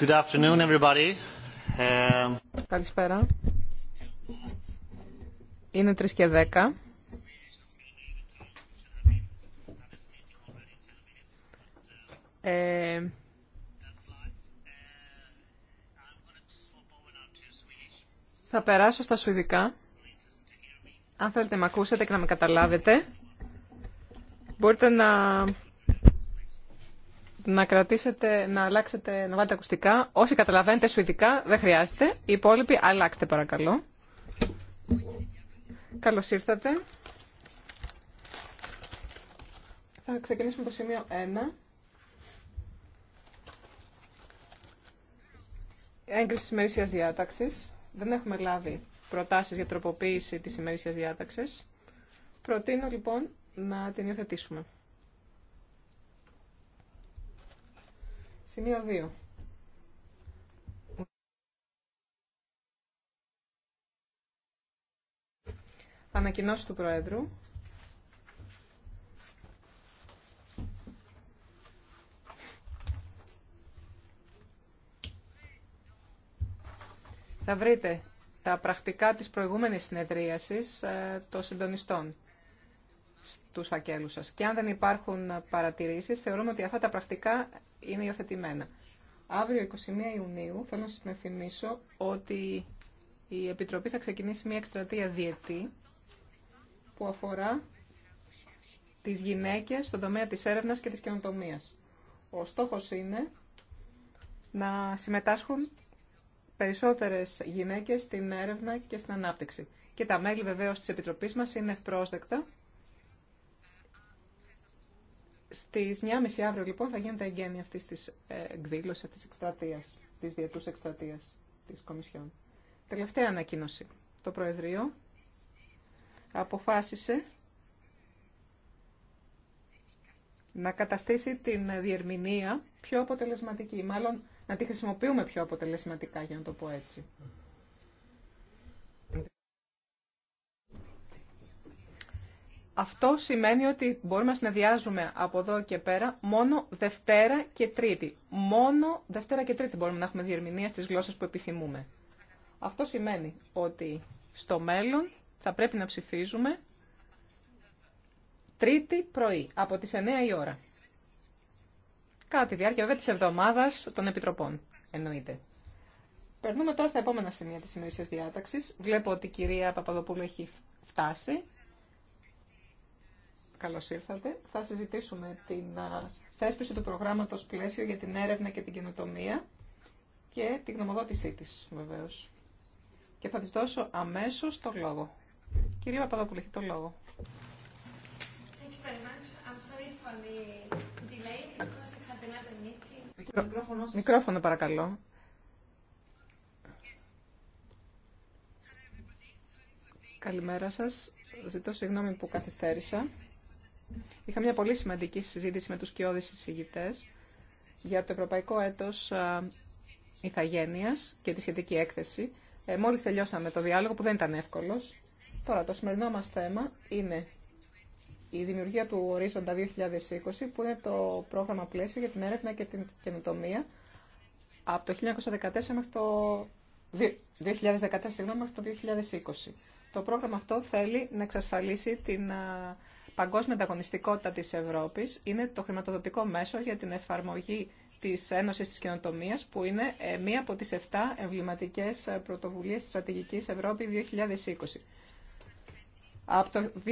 Good afternoon everybody. Um, Καλησπέρα. Είναι 3 και 10. Ε, θα περάσω στα σουηδικά. Αν θέλετε να με ακούσετε και να με καταλάβετε, μπορείτε να να κρατήσετε, να αλλάξετε, να βάλετε ακουστικά. Όσοι καταλαβαίνετε σουηδικά δεν χρειάζεται. Οι υπόλοιποι αλλάξτε παρακαλώ. Καλώς ήρθατε. Θα ξεκινήσουμε το σημείο 1. Έγκριση της ημερήσιας διάταξης. Δεν έχουμε λάβει προτάσεις για τροποποίηση της ημερήσιας διάταξης. Προτείνω λοιπόν να την υιοθετήσουμε. Σημείο 2. Ανακοινώσει του Προέδρου. Θα βρείτε τα πρακτικά της προηγούμενης συνεδρίασης ε, των συντονιστών στους φακέλους σας. Και αν δεν υπάρχουν παρατηρήσεις, θεωρούμε ότι αυτά τα πρακτικά είναι υιοθετημένα. Αύριο 21 Ιουνίου θέλω να σας θυμίσω ότι η Επιτροπή θα ξεκινήσει μια εκστρατεία διετή που αφορά τις γυναίκες στον τομέα της έρευνας και της καινοτομίας. Ο στόχος είναι να συμμετάσχουν περισσότερες γυναίκες στην έρευνα και στην ανάπτυξη. Και τα μέλη βεβαίως της Επιτροπής μας είναι πρόσδεκτα στις 9.30 αύριο λοιπόν θα γίνεται εγγένεια αυτής της ε, εκδήλωση, αυτή τη εκστρατείας, τη διετούς εκστρατείας της Κομισιόν. Τελευταία ανακοίνωση. Το Προεδρείο αποφάσισε να καταστήσει την διερμηνία πιο αποτελεσματική, μάλλον να τη χρησιμοποιούμε πιο αποτελεσματικά, για να το πω έτσι. Αυτό σημαίνει ότι μπορούμε να συνεδριάζουμε από εδώ και πέρα μόνο Δευτέρα και Τρίτη. Μόνο Δευτέρα και Τρίτη μπορούμε να έχουμε διερμηνία στις γλώσσες που επιθυμούμε. Αυτό σημαίνει ότι στο μέλλον θα πρέπει να ψηφίζουμε Τρίτη πρωί, από τις 9 η ώρα. Κάτι τη διάρκεια βέβαια της εβδομάδας των Επιτροπών, εννοείται. Περνούμε τώρα στα επόμενα σημεία της σημερινής διάταξης. Βλέπω ότι η κυρία Παπαδοπούλου έχει φτάσει καλώς ήρθατε. Θα συζητήσουμε την θέσπιση του προγράμματος πλαίσιο για την έρευνα και την καινοτομία και την γνωμοδότησή της, βεβαίως. Και θα της δώσω αμέσως το λόγο. Κυρία Παπαδοπούλη, έχει το λόγο. Μικρόφωνο, Μικρόφωνο παρακαλώ. Καλημέρα σας. Ζητώ συγγνώμη που καθυστέρησα. Είχα μια πολύ σημαντική συζήτηση με τους κοιόδης εισηγητές για το Ευρωπαϊκό Έτος Ιθαγένειας και τη σχετική έκθεση. Ε, μόλις τελειώσαμε το διάλογο που δεν ήταν εύκολος. Τώρα το σημερινό μας θέμα είναι η δημιουργία του Ορίζοντα 2020 που είναι το πρόγραμμα πλαίσιο για την έρευνα και την καινοτομία από το 1914 μέχρι το 2014 μέχρι το 2020. Το πρόγραμμα αυτό θέλει να εξασφαλίσει την παγκόσμια ανταγωνιστικότητα της Ευρώπης είναι το χρηματοδοτικό μέσο για την εφαρμογή της Ένωσης της Καινοτομίας, που είναι ε, μία από τις 7 εμβληματικές ε, πρωτοβουλίες της Στρατηγικής Ευρώπη 2020. Από το 2014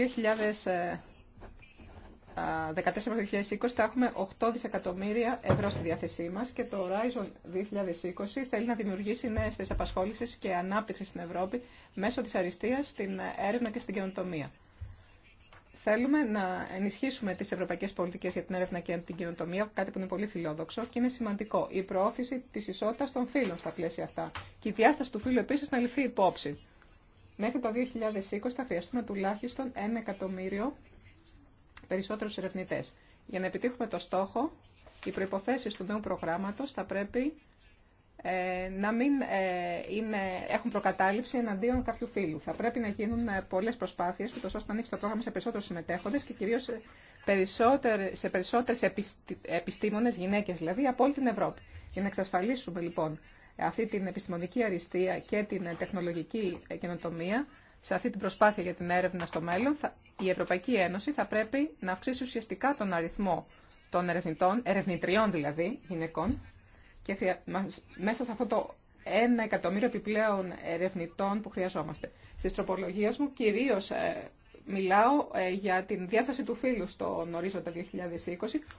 2020 ε, θα έχουμε 8 δισεκατομμύρια ευρώ στη διάθεσή μας και το Horizon 2020 θέλει να δημιουργήσει νέες θέσεις απασχόλησης και ανάπτυξη στην Ευρώπη μέσω της αριστείας στην έρευνα και στην καινοτομία. Θέλουμε να ενισχύσουμε τι ευρωπαϊκέ πολιτικέ για την έρευνα και την κοινοτομία, κάτι που είναι πολύ φιλόδοξο και είναι σημαντικό. Η προώθηση τη ισότητα των φύλων στα πλαίσια αυτά. Και η διάσταση του φύλου επίση να ληφθεί υπόψη. Μέχρι το 2020 θα χρειαστούμε τουλάχιστον 1 εκατομμύριο περισσότερου ερευνητέ. Για να επιτύχουμε το στόχο, οι προποθέσει του νέου προγράμματο θα πρέπει ε, να μην ε, είναι, έχουν προκατάληψη εναντίον κάποιου φίλου. Θα πρέπει να γίνουν ε, πολλές προσπάθειες, ούτως ώστε να ανοίξει το πρόγραμμα σε περισσότερους συμμετέχοντες και κυρίως σε, περισσότερες, σε περισσότερες επιστήμονες, γυναίκες δηλαδή, από όλη την Ευρώπη. Για να εξασφαλίσουμε λοιπόν αυτή την επιστημονική αριστεία και την τεχνολογική καινοτομία, σε αυτή την προσπάθεια για την έρευνα στο μέλλον, η Ευρωπαϊκή Ένωση θα πρέπει να αυξήσει ουσιαστικά τον αριθμό των ερευνητών, ερευνητριών δηλαδή, γυναικών, μέσα σε αυτό το ένα εκατομμύριο επιπλέον ερευνητών που χρειαζόμαστε. Στη τροπολογίες μου κυρίως ε, μιλάω ε, για την διάσταση του φύλου στον ορίζοντα 2020,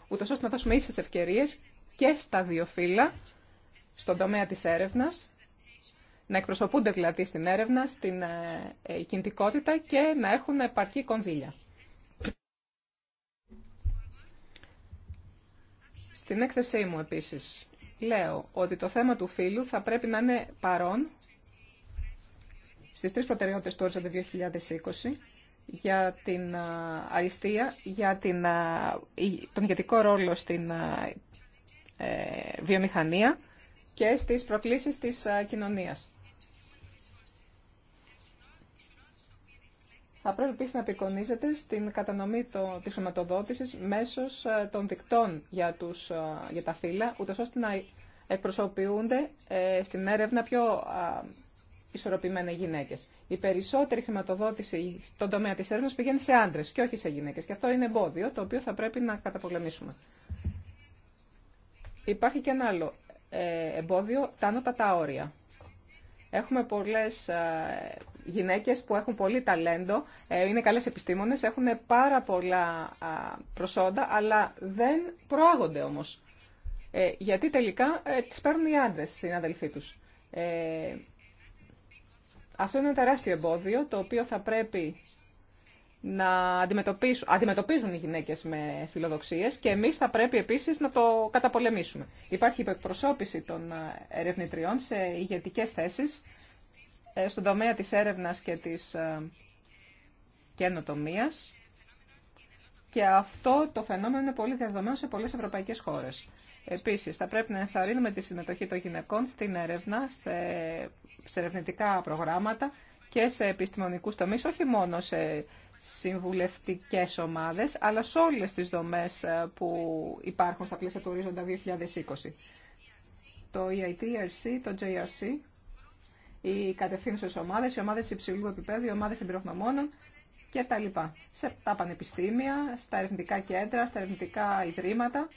ούτω ώστε να δώσουμε ίσε ευκαιρίες και στα δύο φύλλα, στον τομέα της έρευνα, να εκπροσωπούνται δηλαδή στην έρευνα, στην ε, κινητικότητα και να έχουν επαρκή κονδύλια. Στην έκθεσή μου επίσης λέω ότι το θέμα του φίλου θα πρέπει να είναι παρόν στις τρεις προτεραιότητες του 2020 για την αριστεία, για την, τον ηγετικό ρόλο στην ε, βιομηχανία και στις προκλήσεις της κοινωνίας. Θα πρέπει επίση να απεικονίζετε στην κατανομή τη χρηματοδότηση μέσω ε, των δικτών για, τους, ε, για τα φύλλα, ούτω ώστε να εκπροσωποιούνται ε, στην έρευνα πιο ισορροπημένα ισορροπημένα γυναίκες. Η περισσότερη χρηματοδότηση στον τομέα τη Έρευνα πηγαίνει σε άντρε και όχι σε γυναίκε. Και αυτό είναι εμπόδιο το οποίο θα πρέπει να καταπολεμήσουμε. Υπάρχει και ένα άλλο εμπόδιο, τα ανώτατα όρια. Έχουμε πολλές ε, γυναίκες που έχουν πολύ ταλέντο, ε, είναι καλές επιστήμονες, έχουν πάρα πολλά προσόντα, αλλά δεν προάγονται όμως. Ε, γιατί τελικά τις παίρνουν οι άντρες, οι αδελφοί τους. Αυτό είναι ένα τεράστιο εμπόδιο, το οποίο θα πρέπει να αντιμετωπίσουν, αντιμετωπίζουν οι γυναίκες με φιλοδοξίες και εμείς θα πρέπει επίσης να το καταπολεμήσουμε. Υπάρχει υπεκπροσώπηση των ε, ερευνητριών σε ηγετικέ θέσεις ε, στον τομέα της έρευνας και της ε, καινοτομίας και αυτό το φαινόμενο είναι πολύ διαδεδομένο σε πολλές ευρωπαϊκές χώρες. Επίσης, θα πρέπει να ενθαρρύνουμε τη συμμετοχή των γυναικών στην έρευνα, σε, ερευνητικά προγράμματα και σε επιστημονικούς τομείς, όχι μόνο σε συμβουλευτικές ομάδες, αλλά σε όλες τις δομές ε, που υπάρχουν στα πλαίσια του ορίζοντα 2020. Το EITRC, το JRC, οι κατευθύνσεις ομάδες, οι ομάδες υψηλού επίπεδου, οι ομάδες εμπειρογνωμόνων και τα λοιπά. Σε τα πανεπιστήμια, στα ερευνητικά κέντρα, στα ερευνητικά ιδρύματα,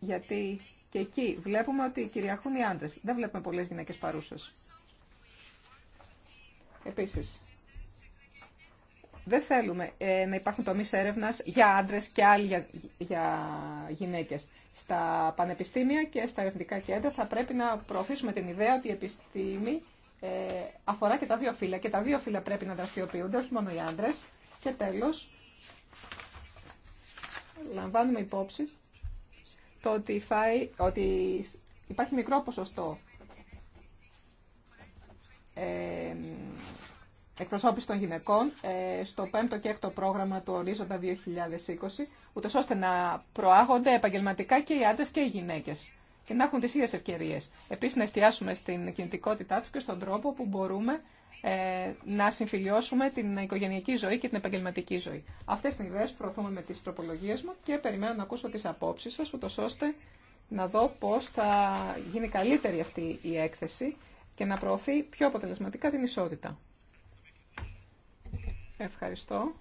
γιατί και εκεί βλέπουμε ότι κυριαρχούν οι άντρες. Δεν βλέπουμε πολλές γυναίκες παρούσες. Επίσης, δεν θέλουμε ε, να υπάρχουν τομείς έρευνας για άντρε και άλλοι για, για γυναίκες. Στα πανεπιστήμια και στα ερευνητικά κέντρα θα πρέπει να προωθήσουμε την ιδέα ότι η επιστήμη ε, αφορά και τα δύο φύλλα. Και τα δύο φύλλα πρέπει να δραστηριοποιούνται, όχι μόνο οι άντρε. Και τέλος, λαμβάνουμε υπόψη το ότι, φάει, ότι υπάρχει μικρό ποσοστό ε, εκπροσώπηση των γυναικών ε, στο 5ο και 6ο πρόγραμμα του Ορίζοντα 2020, ούτω ώστε να προάγονται επαγγελματικά και οι άντρε και οι γυναίκε και να έχουν τι ίδιε ευκαιρίε. Επίση, να εστιάσουμε στην κινητικότητά του και στον τρόπο που μπορούμε ε, να συμφιλιώσουμε την οικογενειακή ζωή και την επαγγελματική ζωή. Αυτέ τι ιδέε προωθούμε με τι τροπολογίε μου και περιμένω να ακούσω τι απόψει σα, ούτω ώστε να δω πώ θα γίνει καλύτερη αυτή η έκθεση και να προωθεί πιο αποτελεσματικά την ισότητα. Ευχαριστώ.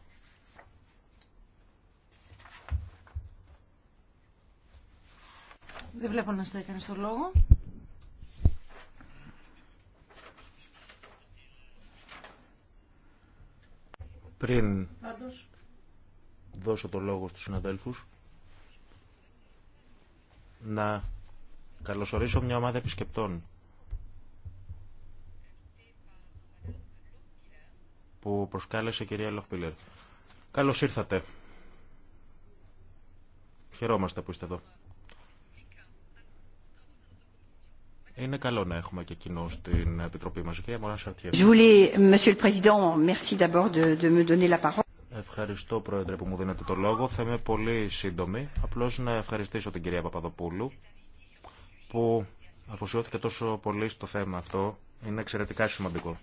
Δεν βλέπω να στέκανε στον λόγο. Πριν δώσω το λόγο στους συναδέλφους, να καλωσορίσω μια ομάδα επισκεπτών που προσκάλεσε η κυρία Λοχπίλερ. Καλώς ήρθατε. Χαιρόμαστε που είστε εδώ. Είναι καλό να έχουμε και κοινό στην Επιτροπή μας. Κυρία Μωράν Ευχαριστώ, Πρόεδρε, που μου δίνετε το λόγο. Θα είμαι πολύ σύντομη. Απλώς να ευχαριστήσω την κυρία Παπαδοπούλου που αφοσιώθηκε τόσο πολύ στο θέμα αυτό. Είναι εξαιρετικά σημαντικό.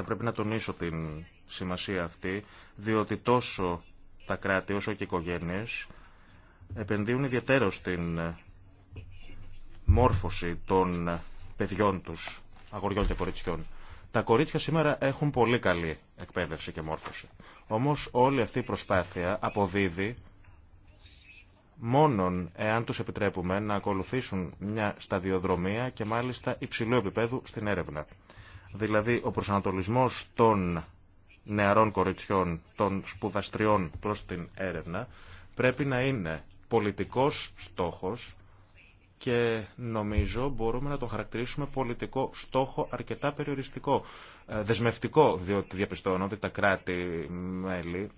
Θα πρέπει να τονίσω την σημασία αυτή, διότι τόσο τα κράτη όσο και οι οικογένειες επενδύουν ιδιαίτερο στην μόρφωση των παιδιών τους, αγοριών και κοριτσιών. Τα κορίτσια σήμερα έχουν πολύ καλή εκπαίδευση και μόρφωση. Όμως όλη αυτή η προσπάθεια αποδίδει μόνον εάν τους επιτρέπουμε να ακολουθήσουν μια σταδιοδρομία και μάλιστα υψηλού επίπεδου στην έρευνα δηλαδή ο προσανατολισμός των νεαρών κοριτσιών, των σπουδαστριών προς την έρευνα, πρέπει να είναι πολιτικός στόχος και νομίζω μπορούμε να το χαρακτηρίσουμε πολιτικό στόχο αρκετά περιοριστικό, ε, δεσμευτικό, διότι διαπιστώνω ότι τα κράτη-μέλη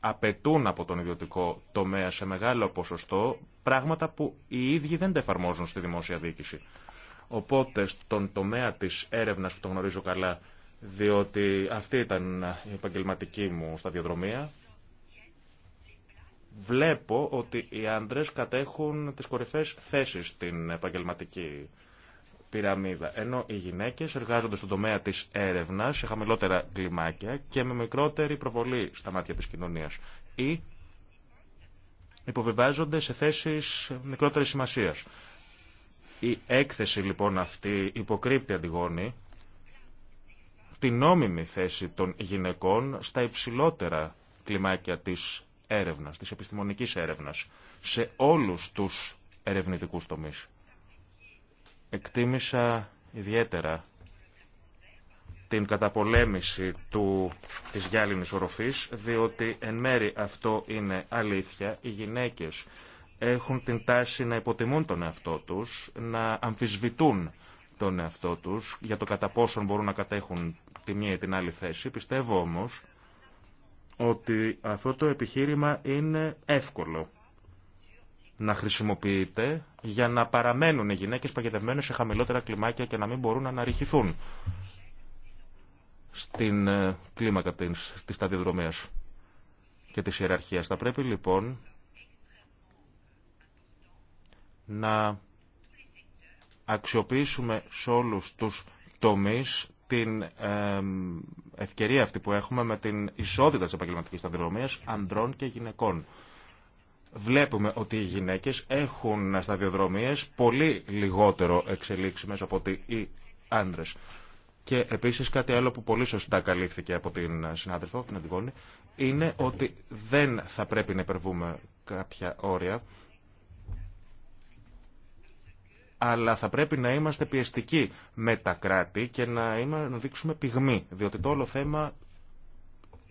απαιτούν από τον ιδιωτικό τομέα σε μεγάλο ποσοστό πράγματα που οι ίδιοι δεν τα εφαρμόζουν στη δημόσια διοίκηση. Οπότε στον τομέα της έρευνας που το γνωρίζω καλά, διότι αυτή ήταν η επαγγελματική μου σταδιοδρομία, βλέπω ότι οι άντρες κατέχουν τις κορυφαίες θέσεις στην επαγγελματική πυραμίδα, ενώ οι γυναίκες εργάζονται στον τομέα της έρευνας σε χαμηλότερα κλιμάκια και με μικρότερη προβολή στα μάτια της κοινωνίας ή υποβιβάζονται σε θέσεις μικρότερης σημασίας. Η έκθεση λοιπόν αυτή υποκρύπτει αντιγόνη την νόμιμη θέση των γυναικών στα υψηλότερα κλιμάκια της έρευνας, της επιστημονικής έρευνας, σε όλους τους ερευνητικούς τομείς. Εκτίμησα ιδιαίτερα την καταπολέμηση του, της γυάλινης οροφής, διότι εν μέρη αυτό είναι αλήθεια, οι γυναίκες έχουν την τάση να υποτιμούν τον εαυτό τους, να αμφισβητούν τον εαυτό τους για το κατά πόσον μπορούν να κατέχουν τη μία ή την άλλη θέση. Πιστεύω όμως ότι αυτό το επιχείρημα είναι εύκολο να χρησιμοποιείται για να παραμένουν οι γυναίκες παγιδευμένες σε χαμηλότερα κλιμάκια και να μην μπορούν να αναρριχηθούν στην ε, κλίμακα της σταδιοδρομίας και της ιεραρχίας. Θα πρέπει λοιπόν να αξιοποιήσουμε σε όλους τους τομείς την ευκαιρία αυτή που έχουμε με την ισότητα της επαγγελματικής σταδιοδρομίας ανδρών και γυναικών. Βλέπουμε ότι οι γυναίκες έχουν σταδιοδρομίες πολύ λιγότερο εξελίξιμες από ότι οι άνδρες. Και επίσης κάτι άλλο που πολύ σωστά καλύφθηκε από την συνάδελφο, την Αντιγόνη, είναι ότι δεν θα πρέπει να υπερβούμε κάποια όρια αλλά θα πρέπει να είμαστε πιεστικοί με τα κράτη και να, είμα, να δείξουμε πυγμή, διότι το όλο θέμα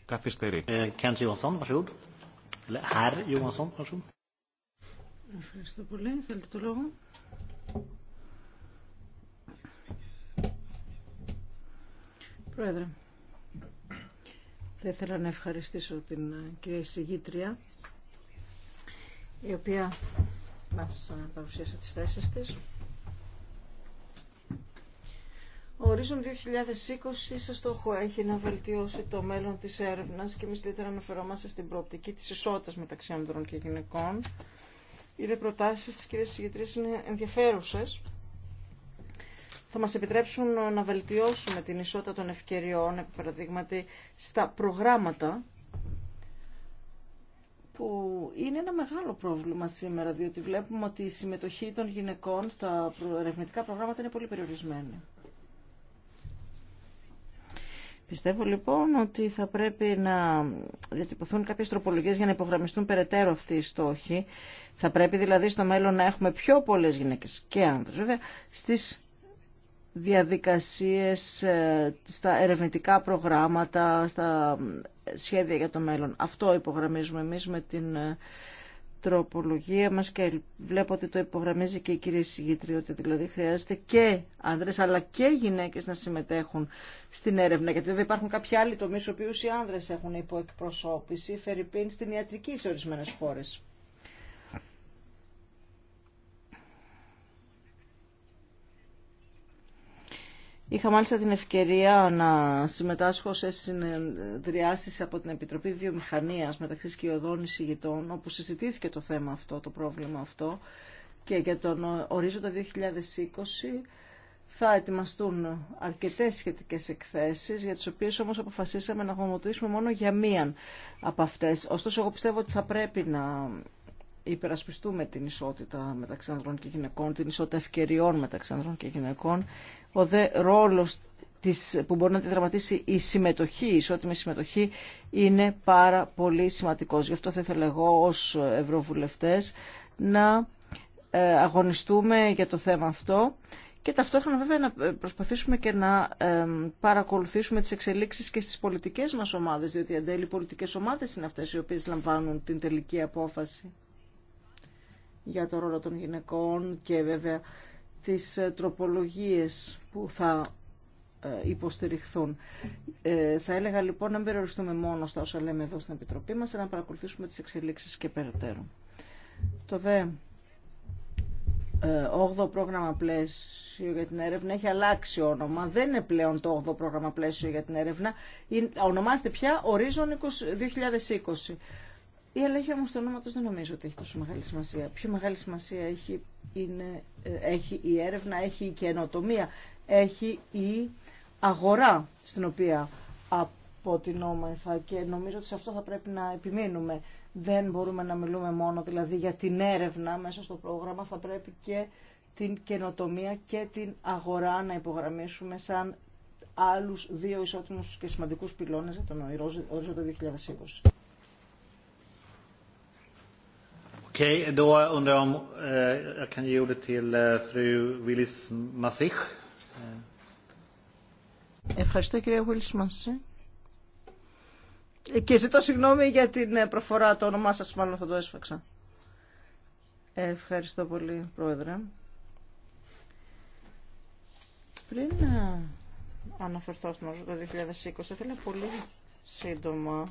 καθυστερεί. Ε, Ευχαριστώ πολύ. Θέλετε το λόγο. Πρόεδρε, θα ήθελα να ευχαριστήσω την ε, κυρία Συγήτρια, η οποία μας ε, παρουσίασε τις θέσεις της. Ορίζον 2020 σε στόχο έχει να βελτιώσει το μέλλον της έρευνας και εμείς ιδιαίτερα αναφερόμαστε στην προοπτική της ισότητας μεταξύ ανδρών και γυναικών. Οι δε προτάσεις της κυρίας Συγγετρής είναι ενδιαφέρουσες. Θα μας επιτρέψουν να βελτιώσουμε την ισότητα των ευκαιριών, επί παραδείγματι, στα προγράμματα που είναι ένα μεγάλο πρόβλημα σήμερα, διότι βλέπουμε ότι η συμμετοχή των γυναικών στα ερευνητικά προγράμματα είναι πολύ περιορισμένη. Πιστεύω λοιπόν ότι θα πρέπει να διατυπωθούν κάποιες τροπολογίες για να υπογραμμιστούν περαιτέρω αυτοί οι στόχοι. Θα πρέπει δηλαδή στο μέλλον να έχουμε πιο πολλές γυναίκες και άνδρες βέβαια στις διαδικασίες, ε, στα ερευνητικά προγράμματα, στα σχέδια για το μέλλον. Αυτό υπογραμμίζουμε εμείς με την ε, τροπολογία μας και βλέπω ότι το υπογραμμίζει και η κυρία Συγήτρη ότι δηλαδή χρειάζεται και άνδρες αλλά και γυναίκες να συμμετέχουν στην έρευνα γιατί δεν υπάρχουν κάποιοι άλλοι τομείς οποίους οι άνδρες έχουν υποεκπροσώπηση φερειπίν στην ιατρική σε ορισμένες χώρες. Είχα μάλιστα την ευκαιρία να συμμετάσχω σε συνεδριάσεις από την Επιτροπή Βιομηχανίας μεταξύ σκιωδών εισηγητών, όπου συζητήθηκε το θέμα αυτό, το πρόβλημα αυτό. Και για τον ορίζοντα 2020 θα ετοιμαστούν αρκετές σχετικές εκθέσεις, για τις οποίες όμως αποφασίσαμε να γνωμοτήσουμε μόνο για μία από αυτές. Ωστόσο, εγώ πιστεύω ότι θα πρέπει να υπερασπιστούμε την ισότητα μεταξύ ανδρών και γυναικών, την ισότητα ευκαιριών μεταξύ ανδρών και γυναικών, ο δε ρόλος της, που μπορεί να δραματίσει η συμμετοχή, η ισότιμη συμμετοχή, είναι πάρα πολύ σημαντικός. Γι' αυτό θα ήθελα εγώ ως Ευρωβουλευτές να ε, αγωνιστούμε για το θέμα αυτό και ταυτόχρονα βέβαια να προσπαθήσουμε και να παρακολουθήσουμε τις εξελίξεις και στις πολιτικές μας ομάδες, διότι εν τέλει οι πολιτικές ομάδες είναι αυτές οι οποίες λαμβάνουν την τελική απόφαση για το ρόλο των γυναικών και βέβαια τις ε, τροπολογίες που θα ε, υποστηριχθούν. Ε, θα έλεγα λοιπόν να μην περιοριστούμε μόνο στα όσα λέμε εδώ στην Επιτροπή μας, αλλά να παρακολουθήσουμε τις εξελίξεις και περαιτέρω. Το δε 8ο ε, πρόγραμμα πλαίσιο για την έρευνα έχει αλλάξει όνομα. Δεν είναι πλέον το 8ο πρόγραμμα πλαίσιο για την έρευνα. Ονομάζεται πια Horizon 2020. Η αλλαγή όμω του ονόματο δεν νομίζω ότι έχει τόσο μεγάλη σημασία. Πιο μεγάλη σημασία έχει, είναι, ε, έχει η έρευνα, έχει η καινοτομία, έχει η αγορά στην οποία αποτινόμεθα και νομίζω ότι σε αυτό θα πρέπει να επιμείνουμε. Δεν μπορούμε να μιλούμε μόνο δηλαδή για την έρευνα μέσα στο πρόγραμμα, θα πρέπει και την καινοτομία και την αγορά να υπογραμμίσουμε σαν άλλους δύο ισότιμους και σημαντικούς πυλώνες για τον ορίζοντα 2020. Okej, då undrar jag om Ευχαριστώ κυρία Willis Massich. Και ζητώ συγγνώμη για την ε, προφορά, το όνομά σας μάλλον θα το έσφαξα. Ευχαριστώ πολύ, Πρόεδρε. Πριν ε, αναφερθώ στο το 2020, ήθελα πολύ σύντομα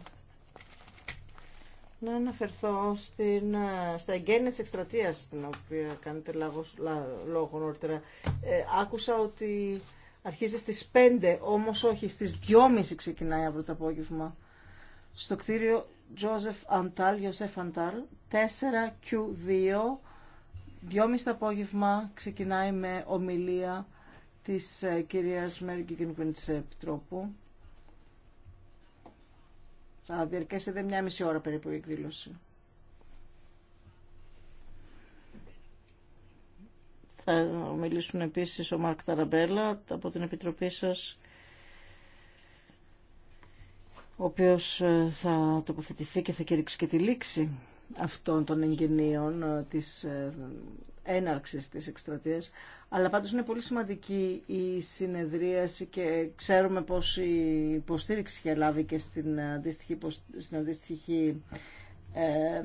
να αναφερθώ στην, ε, στα εγγένεια της εκστρατείας στην οποία κάνετε λόγο νωρίτερα. Ε, άκουσα ότι αρχίζει στις 5, όμως όχι, στις 2.30 ξεκινάει αύριο το απόγευμα. Στο κτίριο Joseph Antal, Joseph Antal 4Q2, 2.30 το απόγευμα ξεκινάει με ομιλία της ε, κυρίας Μέρικη Κοινωνικού Επιτρόπου θα διαρκέσει δεν μια μισή ώρα περίπου η εκδήλωση. Θα μιλήσουν επίσης ο Μάρκ Ταραμπέλα από την Επιτροπή σας ο οποίος ε, θα τοποθετηθεί και θα κηρύξει και τη λήξη αυτών των εγγενείων ε, της ε, έναρξης της εκστρατείας αλλά πάντως είναι πολύ σημαντική η συνεδρίαση και ξέρουμε πως η υποστήριξη είχε λάβει και στην αντίστοιχη, στην αντίστοιχη ε,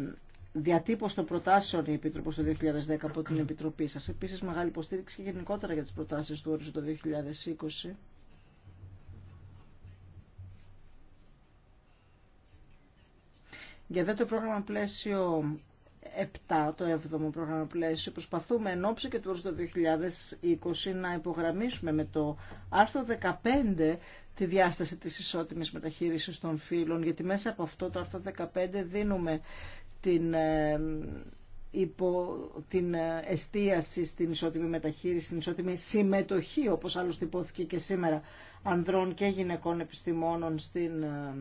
διατύπωση των προτάσεων η Επίτροπος το 2010 από την Επιτροπή σας. Επίσης μεγάλη υποστήριξη και γενικότερα για τις προτάσεις του όριζου το 2020. Για δε το πρόγραμμα πλαίσιο 7, το 7ο πρόγραμμα πλαίσιο, προσπαθούμε εν ώψη και του το 2020 να υπογραμμίσουμε με το άρθρο 15 τη διάσταση της ισότιμης μεταχείρισης των φύλων, γιατί μέσα από αυτό το άρθρο 15 δίνουμε την, ε, υπό την ε, εστίαση στην ισότιμη μεταχείριση, στην ισότιμη συμμετοχή, όπως άλλωστε υπόθηκε και σήμερα, ανδρών και γυναικών επιστημόνων στην ε,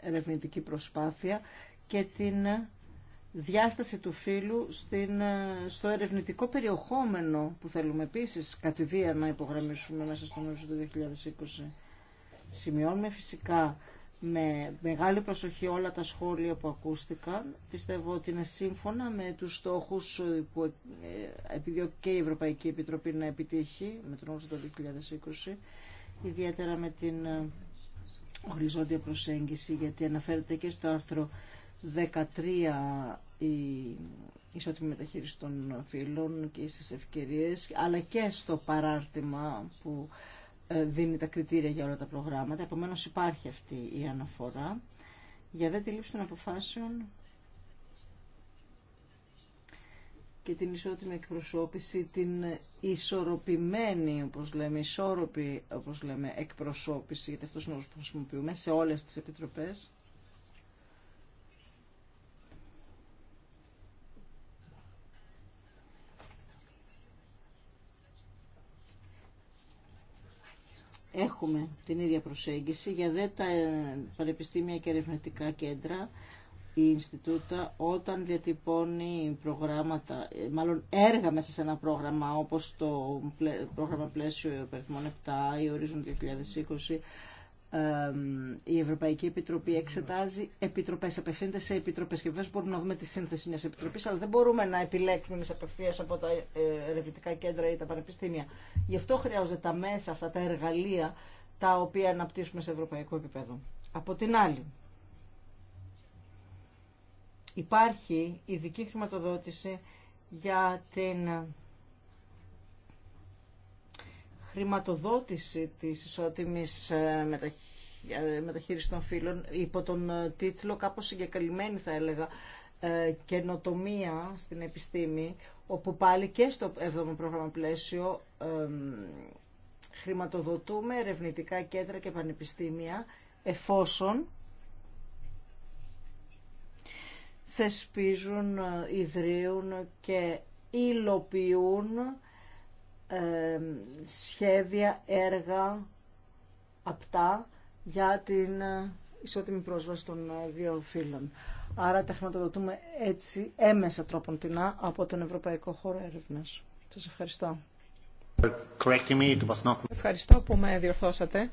ερευνητική προσπάθεια και την διάσταση του φύλου στην, ε, στο ερευνητικό περιεχόμενο που θέλουμε επίσης κατηδία να υπογραμμίσουμε μέσα στο ορίζοντα του 2020. Σημειώνουμε φυσικά με μεγάλη προσοχή όλα τα σχόλια που ακούστηκαν. Πιστεύω ότι είναι σύμφωνα με τους στόχους ε, που ε, επιδιώκει και η Ευρωπαϊκή Επιτροπή να επιτύχει με τον νόμο το 2020, ιδιαίτερα με την οριζόντια προσέγγιση, γιατί αναφέρεται και στο άρθρο 13 η ισότιμη μεταχείριση των φύλων και στις ευκαιρίες, αλλά και στο παράρτημα που ε, δίνει τα κριτήρια για όλα τα προγράμματα. Επομένως υπάρχει αυτή η αναφορά. Για δε τη λήψη των αποφάσεων και την ισότιμη εκπροσώπηση, την ισορροπημένη, όπως λέμε, ισόρροπη, όπως λέμε, εκπροσώπηση, γιατί αυτός είναι ο που χρησιμοποιούμε, σε όλες τις επιτροπές. έχουμε την ίδια προσέγγιση για δε τα ε, πανεπιστήμια και ερευνητικά κέντρα η Ινστιτούτα όταν διατυπώνει προγράμματα, ε, μάλλον έργα μέσα σε ένα πρόγραμμα όπως το πρόγραμμα πλαίσιο πλαίσιο 7 ή ορίζον 2020 η Ευρωπαϊκή Επιτροπή εξετάζει επιτροπέ, απευθύνεται σε επιτροπέ. Και βέβαια μπορούμε να δούμε τη σύνθεση μια επιτροπή, αλλά δεν μπορούμε να επιλέξουμε εμεί απευθεία από τα ε, ερευνητικά κέντρα ή τα πανεπιστήμια. Γι' αυτό χρειάζονται τα μέσα, αυτά τα εργαλεία, τα οποία αναπτύσσουμε σε ευρωπαϊκό επίπεδο. Από την άλλη, υπάρχει ειδική χρηματοδότηση για την χρηματοδότηση της ισότιμης ε, ε, μεταχείρισης των φύλων υπό τον ε, τίτλο κάπως συγκεκριμένη θα έλεγα καινοτομία στην επιστήμη όπου πάλι και στο 7ο πρόγραμμα πλαίσιο χρηματοδοτούμε ερευνητικά κέντρα και πανεπιστήμια εφόσον θεσπίζουν, ιδρύουν και υλοποιούν σχέδια, έργα, απτά για την ε, ισότιμη πρόσβαση των ε, δύο φύλων. Άρα τα χρηματοδοτούμε έτσι έμεσα τρόπον τεινά από τον Ευρωπαϊκό Χώρο Έρευνα. Σας ευχαριστώ. Ευχαριστώ που με διορθώσατε.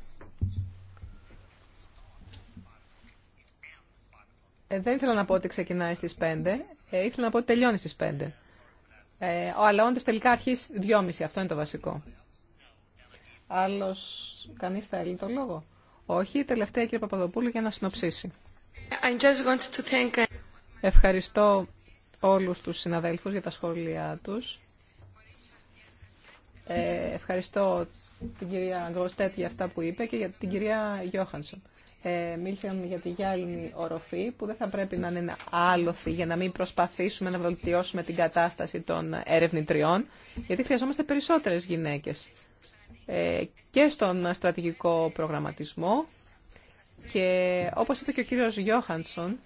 Ε, δεν ήθελα να πω ότι ξεκινάει στις 5, ε, ήθελα να πω ότι τελειώνει στις 5. Ε, αλλά όντως τελικά αρχίζει 2,5. Αυτό είναι το βασικό. Άλλος, κανείς θέλει το λόγο. Όχι, τελευταία κύριε Παπαδοπούλου για να συνοψίσει. thank... Ευχαριστώ όλους τους συναδέλφους για τα σχόλια τους. Ε, ευχαριστώ την κυρία Γκροστέτ για αυτά που είπε και για την κυρία Γιώχανσον ε, μίλησαν για τη γυάλινη οροφή που δεν θα πρέπει να είναι άλοθη για να μην προσπαθήσουμε να βελτιώσουμε την κατάσταση των ερευνητριών γιατί χρειαζόμαστε περισσότερες γυναίκες ε, και στον στρατηγικό προγραμματισμό και όπως είπε και ο κύριος Γιώχανσον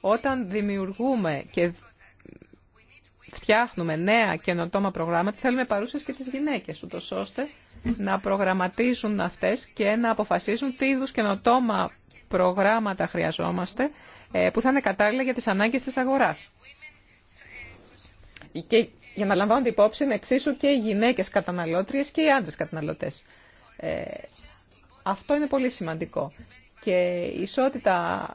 όταν δημιουργούμε και φτιάχνουμε νέα καινοτόμα προγράμματα θέλουμε παρούσες και τις γυναίκες ούτως ώστε να προγραμματίσουν αυτές και να αποφασίσουν τι είδους καινοτόμα προγράμματα χρειαζόμαστε ε, που θα είναι κατάλληλα για τις ανάγκες της αγοράς. Και για να λαμβάνονται υπόψη είναι εξίσου και οι γυναίκες καταναλώτριες και οι άντρες καταναλωτές. Ε, αυτό είναι πολύ σημαντικό. Και η ισότητα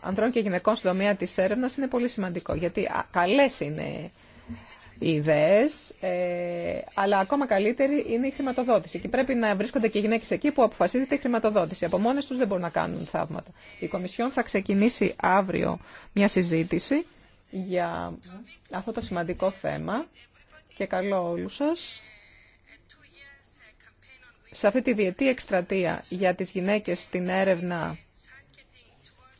ανδρών και γυναικών στον δομή της έρευνας είναι πολύ σημαντικό, γιατί καλές είναι οι ιδέες, ε, αλλά ακόμα καλύτερη είναι η χρηματοδότηση. Και πρέπει να βρίσκονται και οι γυναίκες εκεί που αποφασίζεται η χρηματοδότηση. Από μόνε τους δεν μπορούν να κάνουν θαύματα. Η Κομισιόν θα ξεκινήσει αύριο μια συζήτηση για αυτό το σημαντικό θέμα και καλό όλου σα, σε αυτή τη διετή εκστρατεία για τις γυναίκες στην έρευνα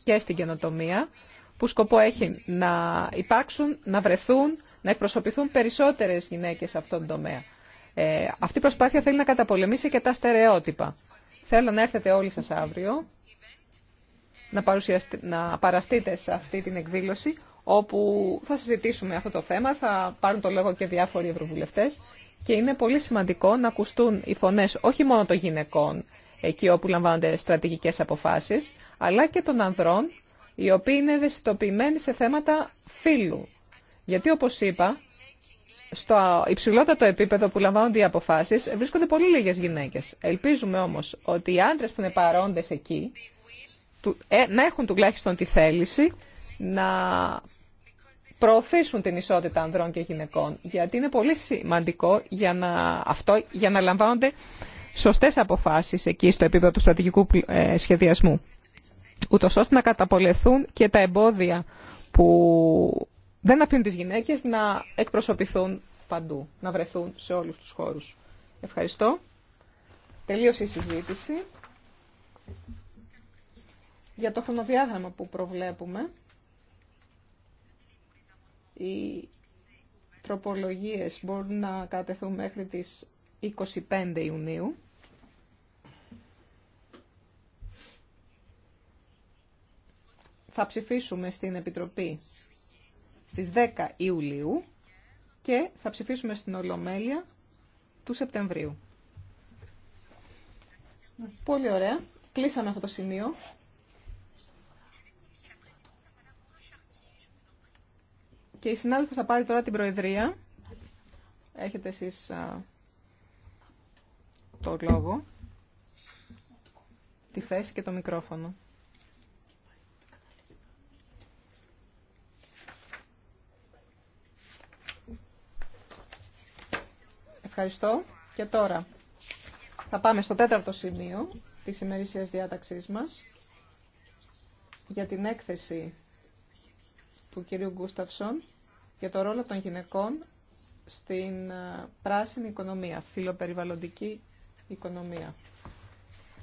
και στην καινοτομία που σκοπό έχει να υπάρξουν, να βρεθούν, να εκπροσωπηθούν περισσότερες γυναίκες σε αυτόν τον τομέα. Ε, αυτή η προσπάθεια θέλει να καταπολεμήσει και τα στερεότυπα. Θέλω να έρθετε όλοι σας αύριο, να, να παραστείτε σε αυτή την εκδήλωση, όπου θα συζητήσουμε αυτό το θέμα, θα πάρουν το λόγο και διάφοροι ευρωβουλευτές και είναι πολύ σημαντικό να ακουστούν οι φωνές όχι μόνο των γυναικών εκεί όπου λαμβάνονται στρατηγικές αποφάσεις, αλλά και των ανδρών οι οποίοι είναι ευαισθητοποιημένοι σε θέματα φύλου. Γιατί, όπως είπα, στο υψηλότερο επίπεδο που λαμβάνονται οι αποφάσεις βρίσκονται πολύ λίγες γυναίκες. Ελπίζουμε όμως ότι οι άντρες που είναι παρόντες εκεί ε, να έχουν τουλάχιστον τη θέληση να προωθήσουν την ισότητα ανδρών και γυναικών. Γιατί είναι πολύ σημαντικό για να, αυτό, για να λαμβάνονται σωστές αποφάσεις εκεί στο επίπεδο του στρατηγικού ε, σχεδιασμού ούτως ώστε να καταπολεθούν και τα εμπόδια που δεν αφήνουν τις γυναίκες να εκπροσωπηθούν παντού, να βρεθούν σε όλους τους χώρους. Ευχαριστώ. Τελείωσε η συζήτηση. Για το χρονοδιάγραμμα που προβλέπουμε, οι τροπολογίες μπορούν να κατεθούν μέχρι τις 25 Ιουνίου. θα ψηφίσουμε στην Επιτροπή στις 10 Ιουλίου και θα ψηφίσουμε στην Ολομέλεια του Σεπτεμβρίου. Πολύ ωραία. Κλείσαμε αυτό το σημείο. Και η συνάδελφος θα πάρει τώρα την Προεδρία. Έχετε εσείς το λόγο, τη θέση και το μικρόφωνο. Ευχαριστώ. Και τώρα θα πάμε στο τέταρτο σημείο της ημερήσιας διάταξής μας για την έκθεση του κυρίου Γκούσταυσον για το ρόλο των γυναικών στην ε, πράσινη οικονομία, φιλοπεριβαλλοντική οικονομία.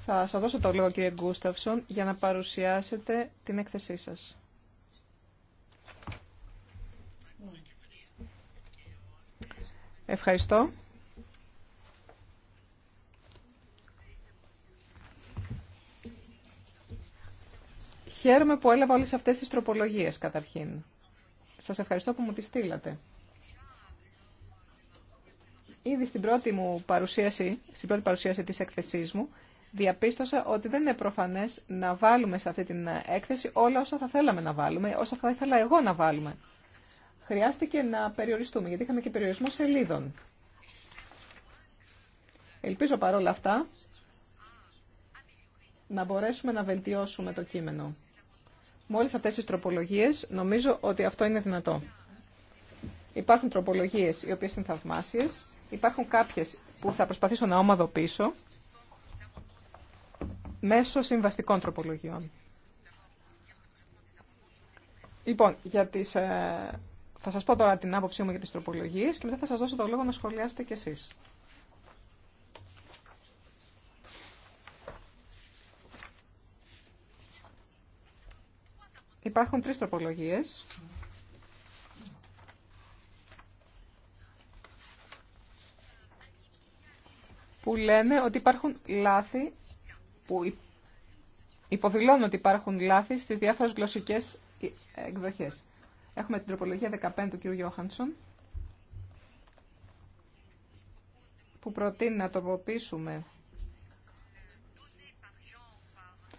Θα σας δώσω το λόγο κύριε Γκούσταυσον για να παρουσιάσετε την έκθεσή σας. Ευχαριστώ. Χαίρομαι που έλαβα όλες αυτές τις τροπολογίες καταρχήν. Σας ευχαριστώ που μου τις στείλατε. Ήδη στην πρώτη μου παρουσίαση, στην πρώτη παρουσίαση της έκθεσής μου, διαπίστωσα ότι δεν είναι προφανές να βάλουμε σε αυτή την έκθεση όλα όσα θα θέλαμε να βάλουμε, όσα θα ήθελα εγώ να βάλουμε. Χρειάστηκε να περιοριστούμε, γιατί είχαμε και περιορισμό σελίδων. Ελπίζω παρόλα αυτά να μπορέσουμε να βελτιώσουμε το κείμενο με όλες αυτές τις τροπολογίες νομίζω ότι αυτό είναι δυνατό. Υπάρχουν τροπολογίες οι οποίες είναι θαυμάσιες, υπάρχουν κάποιες που θα προσπαθήσω να ομαδοποιήσω μέσω συμβαστικών τροπολογιών. Λοιπόν, για τις, ε, θα σας πω τώρα την άποψή μου για τις τροπολογίες και μετά θα σας δώσω το λόγο να σχολιάσετε κι εσείς. Υπάρχουν τρεις τροπολογίες. που λένε ότι υπάρχουν λάθη, που υποδηλώνουν ότι υπάρχουν λάθη στις διάφορες γλωσσικές ε, εκδοχές. Έχουμε την τροπολογία 15 του κ. Γιώχανσον, που προτείνει να τοποποιήσουμε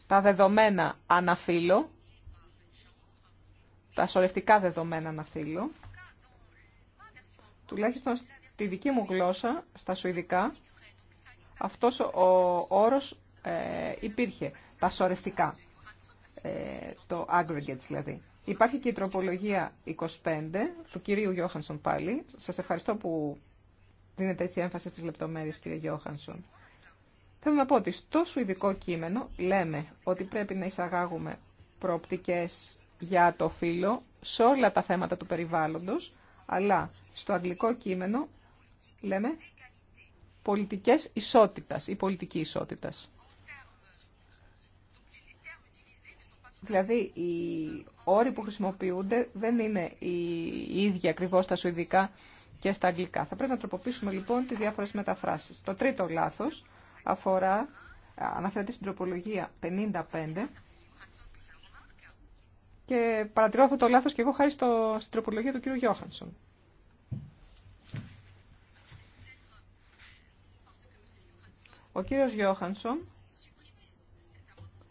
τα δεδομένα αναφύλλω, τα σωρευτικά δεδομένα να θέλω. Τουλάχιστον στη δική μου γλώσσα, στα σουηδικά, αυτός ο όρος ε, υπήρχε. Τα σωρευτικά, ε, το aggregates δηλαδή. Υπάρχει και η τροπολογία 25 του κυρίου Γιώχανσον πάλι. Σας ευχαριστώ που δίνετε έτσι έμφαση στις λεπτομέρειες κύριε Γιώχανσον. Θέλω να πω ότι στο σουηδικό κείμενο λέμε ότι πρέπει να εισαγάγουμε προοπτικές για το φύλλο σε όλα τα θέματα του περιβάλλοντος, αλλά στο αγγλικό κείμενο λέμε πολιτικές ισότητας ή πολιτική ισότητας. Δηλαδή, οι όροι που χρησιμοποιούνται δεν είναι οι ίδιοι ακριβώ στα σουηδικά και στα αγγλικά. Θα πρέπει να τροποποιήσουμε λοιπόν τις διάφορες μεταφράσεις. Το τρίτο λάθος αφορά, αναφέρεται στην τροπολογία 55, και παρατηρώ αυτό το λάθος και εγώ χάρη στο, στην τροπολογία του κύριο Γιώχανσον. Ο κύριος Γιώχανσον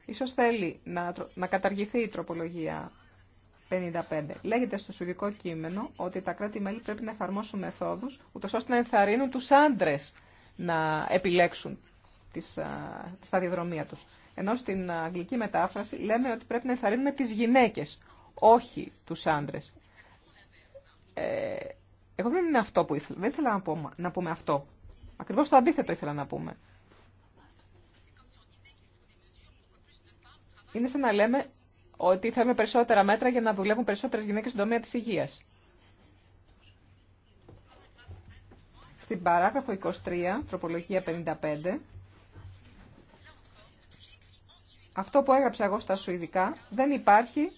ίσως θέλει να, να καταργηθεί η τροπολογία 55. Λέγεται στο σουδικό κείμενο ότι τα κράτη-μέλη πρέπει να εφαρμόσουν μεθόδους ούτως ώστε να ενθαρρύνουν τους άντρες να επιλέξουν τα διαδρομία τους. Ενώ στην αγγλική μετάφραση λέμε ότι πρέπει να ενθαρρύνουμε τις γυναίκες, όχι τους άντρες. Ε, εγώ δεν είναι αυτό που ήθελα. Δεν να πούμε, να πούμε αυτό. Ακριβώς το αντίθετο ήθελα να πούμε. Είναι σαν να λέμε ότι θέλουμε περισσότερα μέτρα για να δουλεύουν περισσότερες γυναίκες στον τομέα της υγείας. Στην παράγραφο 23, τροπολογία 55, αυτό που έγραψα εγώ στα Σουηδικά δεν υπάρχει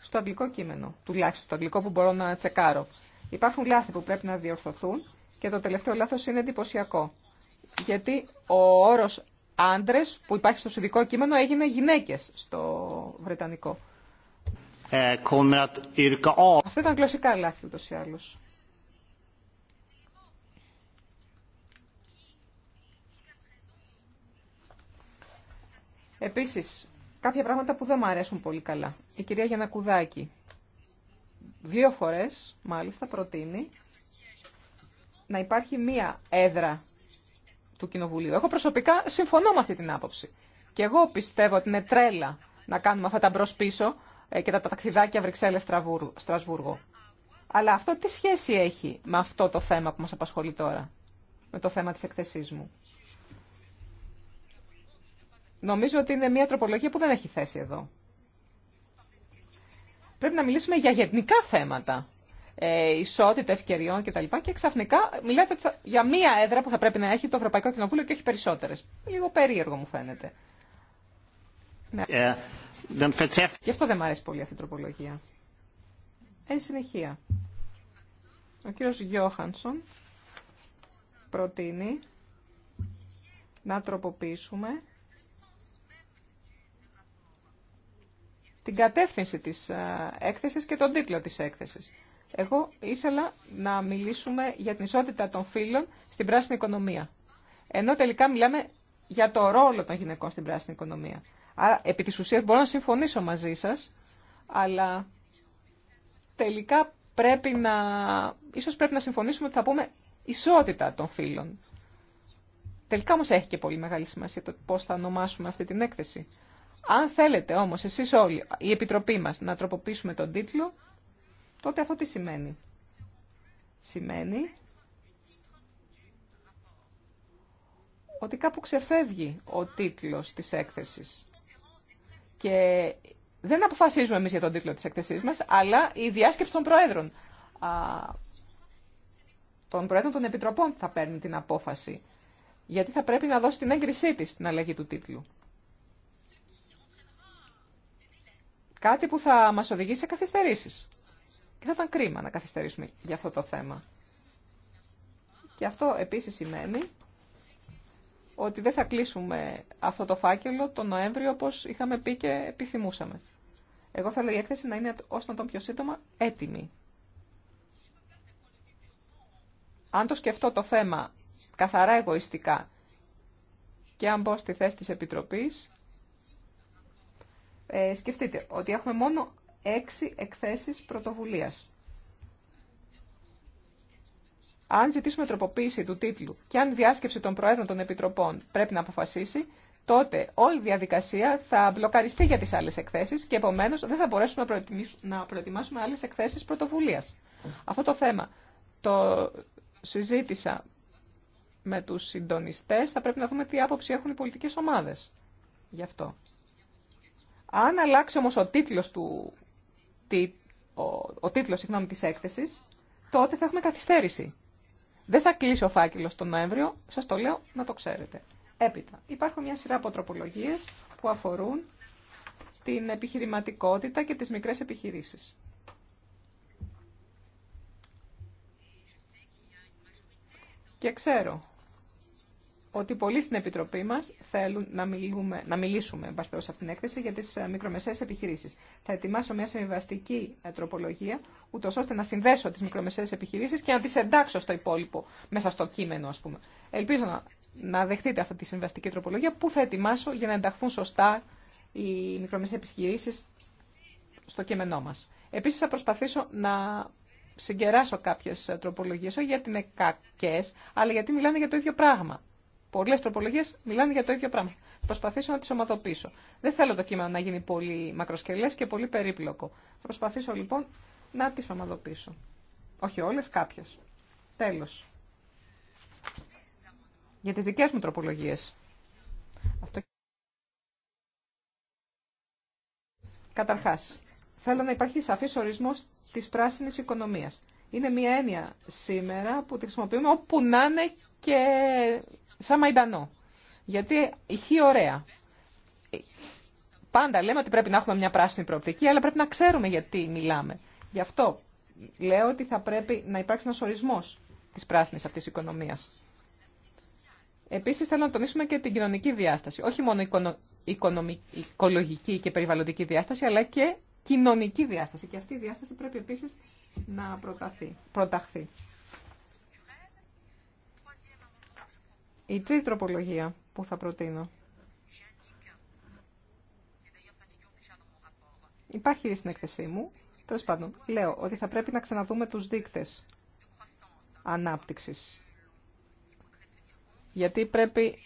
στο αγγλικό κείμενο, τουλάχιστον στο αγγλικό που μπορώ να τσεκάρω. Υπάρχουν λάθη που πρέπει να διορθωθούν και το τελευταίο λάθος είναι εντυπωσιακό. Γιατί ο όρος άντρε που υπάρχει στο σουηδικό κείμενο έγινε γυναίκες στο βρετανικό. Ε, ήταν γλωσσικά λάθη ούτως ή άλλως. Επίσης, κάποια πράγματα που δεν μου αρέσουν πολύ καλά. Η κυρία Γιανακουδάκη δύο φορές, μάλιστα, προτείνει να υπάρχει μία έδρα του Κοινοβουλίου. Εγώ προσωπικά συμφωνώ με αυτή την άποψη. Και εγώ πιστεύω ότι είναι τρέλα να κάνουμε αυτά τα μπρο πισω ε, και τα ταξιδακια βρυξελλε Βρυξέλλες-Στρασβούργο. Αλλά αυτό τι σχέση έχει με αυτό το θέμα που μας απασχολεί τώρα, με το θέμα της εκθεσή μου. Νομίζω ότι είναι μια τροπολογία που δεν έχει θέση εδώ. Πρέπει να μιλήσουμε για γενικά θέματα. Ε, ισότητα ευκαιριών κτλ. Και ξαφνικά μιλάτε θα, για μία έδρα που θα πρέπει να έχει το Ευρωπαϊκό Κοινοβούλιο και όχι περισσότερε. Λίγο περίεργο μου φαίνεται. Ναι. Ε, Γι' αυτό δεν μου αρέσει πολύ αυτή η τροπολογία. Εν συνεχεία, ο κύριο Γιώχανσον προτείνει να τροποποιήσουμε την κατεύθυνση της ε, έκθεσης και τον τίτλο της έκθεσης. Εγώ ήθελα να μιλήσουμε για την ισότητα των φύλων στην πράσινη οικονομία. Ενώ τελικά μιλάμε για το ρόλο των γυναικών στην πράσινη οικονομία. Άρα, επί της ουσίας μπορώ να συμφωνήσω μαζί σας, αλλά τελικά πρέπει να, ίσως πρέπει να συμφωνήσουμε ότι θα πούμε ισότητα των φύλων. Τελικά όμως έχει και πολύ μεγάλη σημασία το πώς θα ονομάσουμε αυτή την έκθεση. Αν θέλετε όμως εσείς όλοι, η Επιτροπή μας, να τροποποιήσουμε τον τίτλο, τότε αυτό τι σημαίνει. Σημαίνει ότι κάπου ξεφεύγει ο τίτλος της έκθεσης. Και δεν αποφασίζουμε εμείς για τον τίτλο της έκθεσής μας, αλλά η διάσκεψη των Προέδρων. Α, των Προέδρων των Επιτροπών θα παίρνει την απόφαση, γιατί θα πρέπει να δώσει την έγκρισή της στην αλλαγή του τίτλου. Κάτι που θα μας οδηγήσει σε καθυστερήσεις. Και θα ήταν κρίμα να καθυστερήσουμε για αυτό το θέμα. Και αυτό επίσης σημαίνει ότι δεν θα κλείσουμε αυτό το φάκελο τον Νοέμβριο όπως είχαμε πει και επιθυμούσαμε. Εγώ θέλω η έκθεση να είναι ώστε να τον πιο σύντομα έτοιμη. Αν το σκεφτώ το θέμα καθαρά εγωιστικά και αν μπω στη θέση της Επιτροπής, ε, σκεφτείτε ότι έχουμε μόνο έξι εκθέσεις πρωτοβουλίας. Αν ζητήσουμε τροποποίηση του τίτλου και αν διάσκεψη των Προέδρων των Επιτροπών πρέπει να αποφασίσει, τότε όλη η διαδικασία θα μπλοκαριστεί για τις άλλες εκθέσεις και επομένως δεν θα μπορέσουμε να προετοιμάσουμε άλλες εκθέσεις πρωτοβουλίας. Αυτό το θέμα το συζήτησα με τους συντονιστές, θα πρέπει να δούμε τι άποψη έχουν οι πολιτικές ομάδες γι' αυτό. Αν αλλάξει όμως ο τίτλος, του, ο, ο τίτλος συγγνώμη, της έκθεσης, τότε θα έχουμε καθυστέρηση. Δεν θα κλείσει ο φάκελος τον Νοέμβριο, σας το λέω να το ξέρετε. Έπειτα, υπάρχουν μια σειρά από τροπολογίες που αφορούν την επιχειρηματικότητα και τις μικρές επιχειρήσεις. Και ξέρω ότι πολλοί στην Επιτροπή μα θέλουν να, μιλούμε, να μιλήσουμε σε αυτήν την έκθεση για τι ε, μικρομεσαίε επιχειρήσει. Θα ετοιμάσω μια συμβιβαστική ε, τροπολογία, ούτω ώστε να συνδέσω τι μικρομεσαίε επιχειρήσει και να τι εντάξω στο υπόλοιπο, μέσα στο κείμενο, α πούμε. Ελπίζω να, δεχτείτε αυτή τη συμβιβαστική τροπολογία που θα ετοιμάσω για να ενταχθούν σωστά οι μικρομεσαίε επιχειρήσει στο κείμενό μα. Επίση, θα προσπαθήσω να συγκεράσω κάποιε τροπολογίε, όχι γιατί είναι κακέ, αλλά γιατί μιλάνε για το ίδιο πράγμα. Πολλέ τροπολογίε μιλάνε για το ίδιο πράγμα. Προσπαθήσω να τι ομαδοποιήσω. Δεν θέλω το κείμενο να γίνει πολύ μακροσκελές και πολύ περίπλοκο. Προσπαθήσω λοιπόν να τι ομαδοποιήσω. Όχι όλες, κάποιες. Τέλος. Για τι δικέ μου τροπολογίε. Αυτό... Καταρχάς, θέλω να υπάρχει σαφής ορισμός της πράσινη οικονομία είναι μια έννοια σήμερα που τη χρησιμοποιούμε όπου να είναι και σαν μαϊντανό. Γιατί ηχεί ωραία. Πάντα λέμε ότι πρέπει να έχουμε μια πράσινη προοπτική, αλλά πρέπει να ξέρουμε γιατί μιλάμε. Γι' αυτό λέω ότι θα πρέπει να υπάρξει ένας ορισμός της πράσινης αυτής της οικονομίας. Επίσης θέλω να τονίσουμε και την κοινωνική διάσταση. Όχι μόνο οικονο... οικολογική και περιβαλλοντική διάσταση, αλλά και κοινωνική διάσταση και αυτή η διάσταση πρέπει επίσης να προταθεί, προταχθεί. Η τρίτη τροπολογία που θα προτείνω. Υπάρχει στην εκθεσή μου, τέλο πάντων, λέω ότι θα πρέπει να ξαναδούμε τους δείκτες ανάπτυξης. Γιατί πρέπει,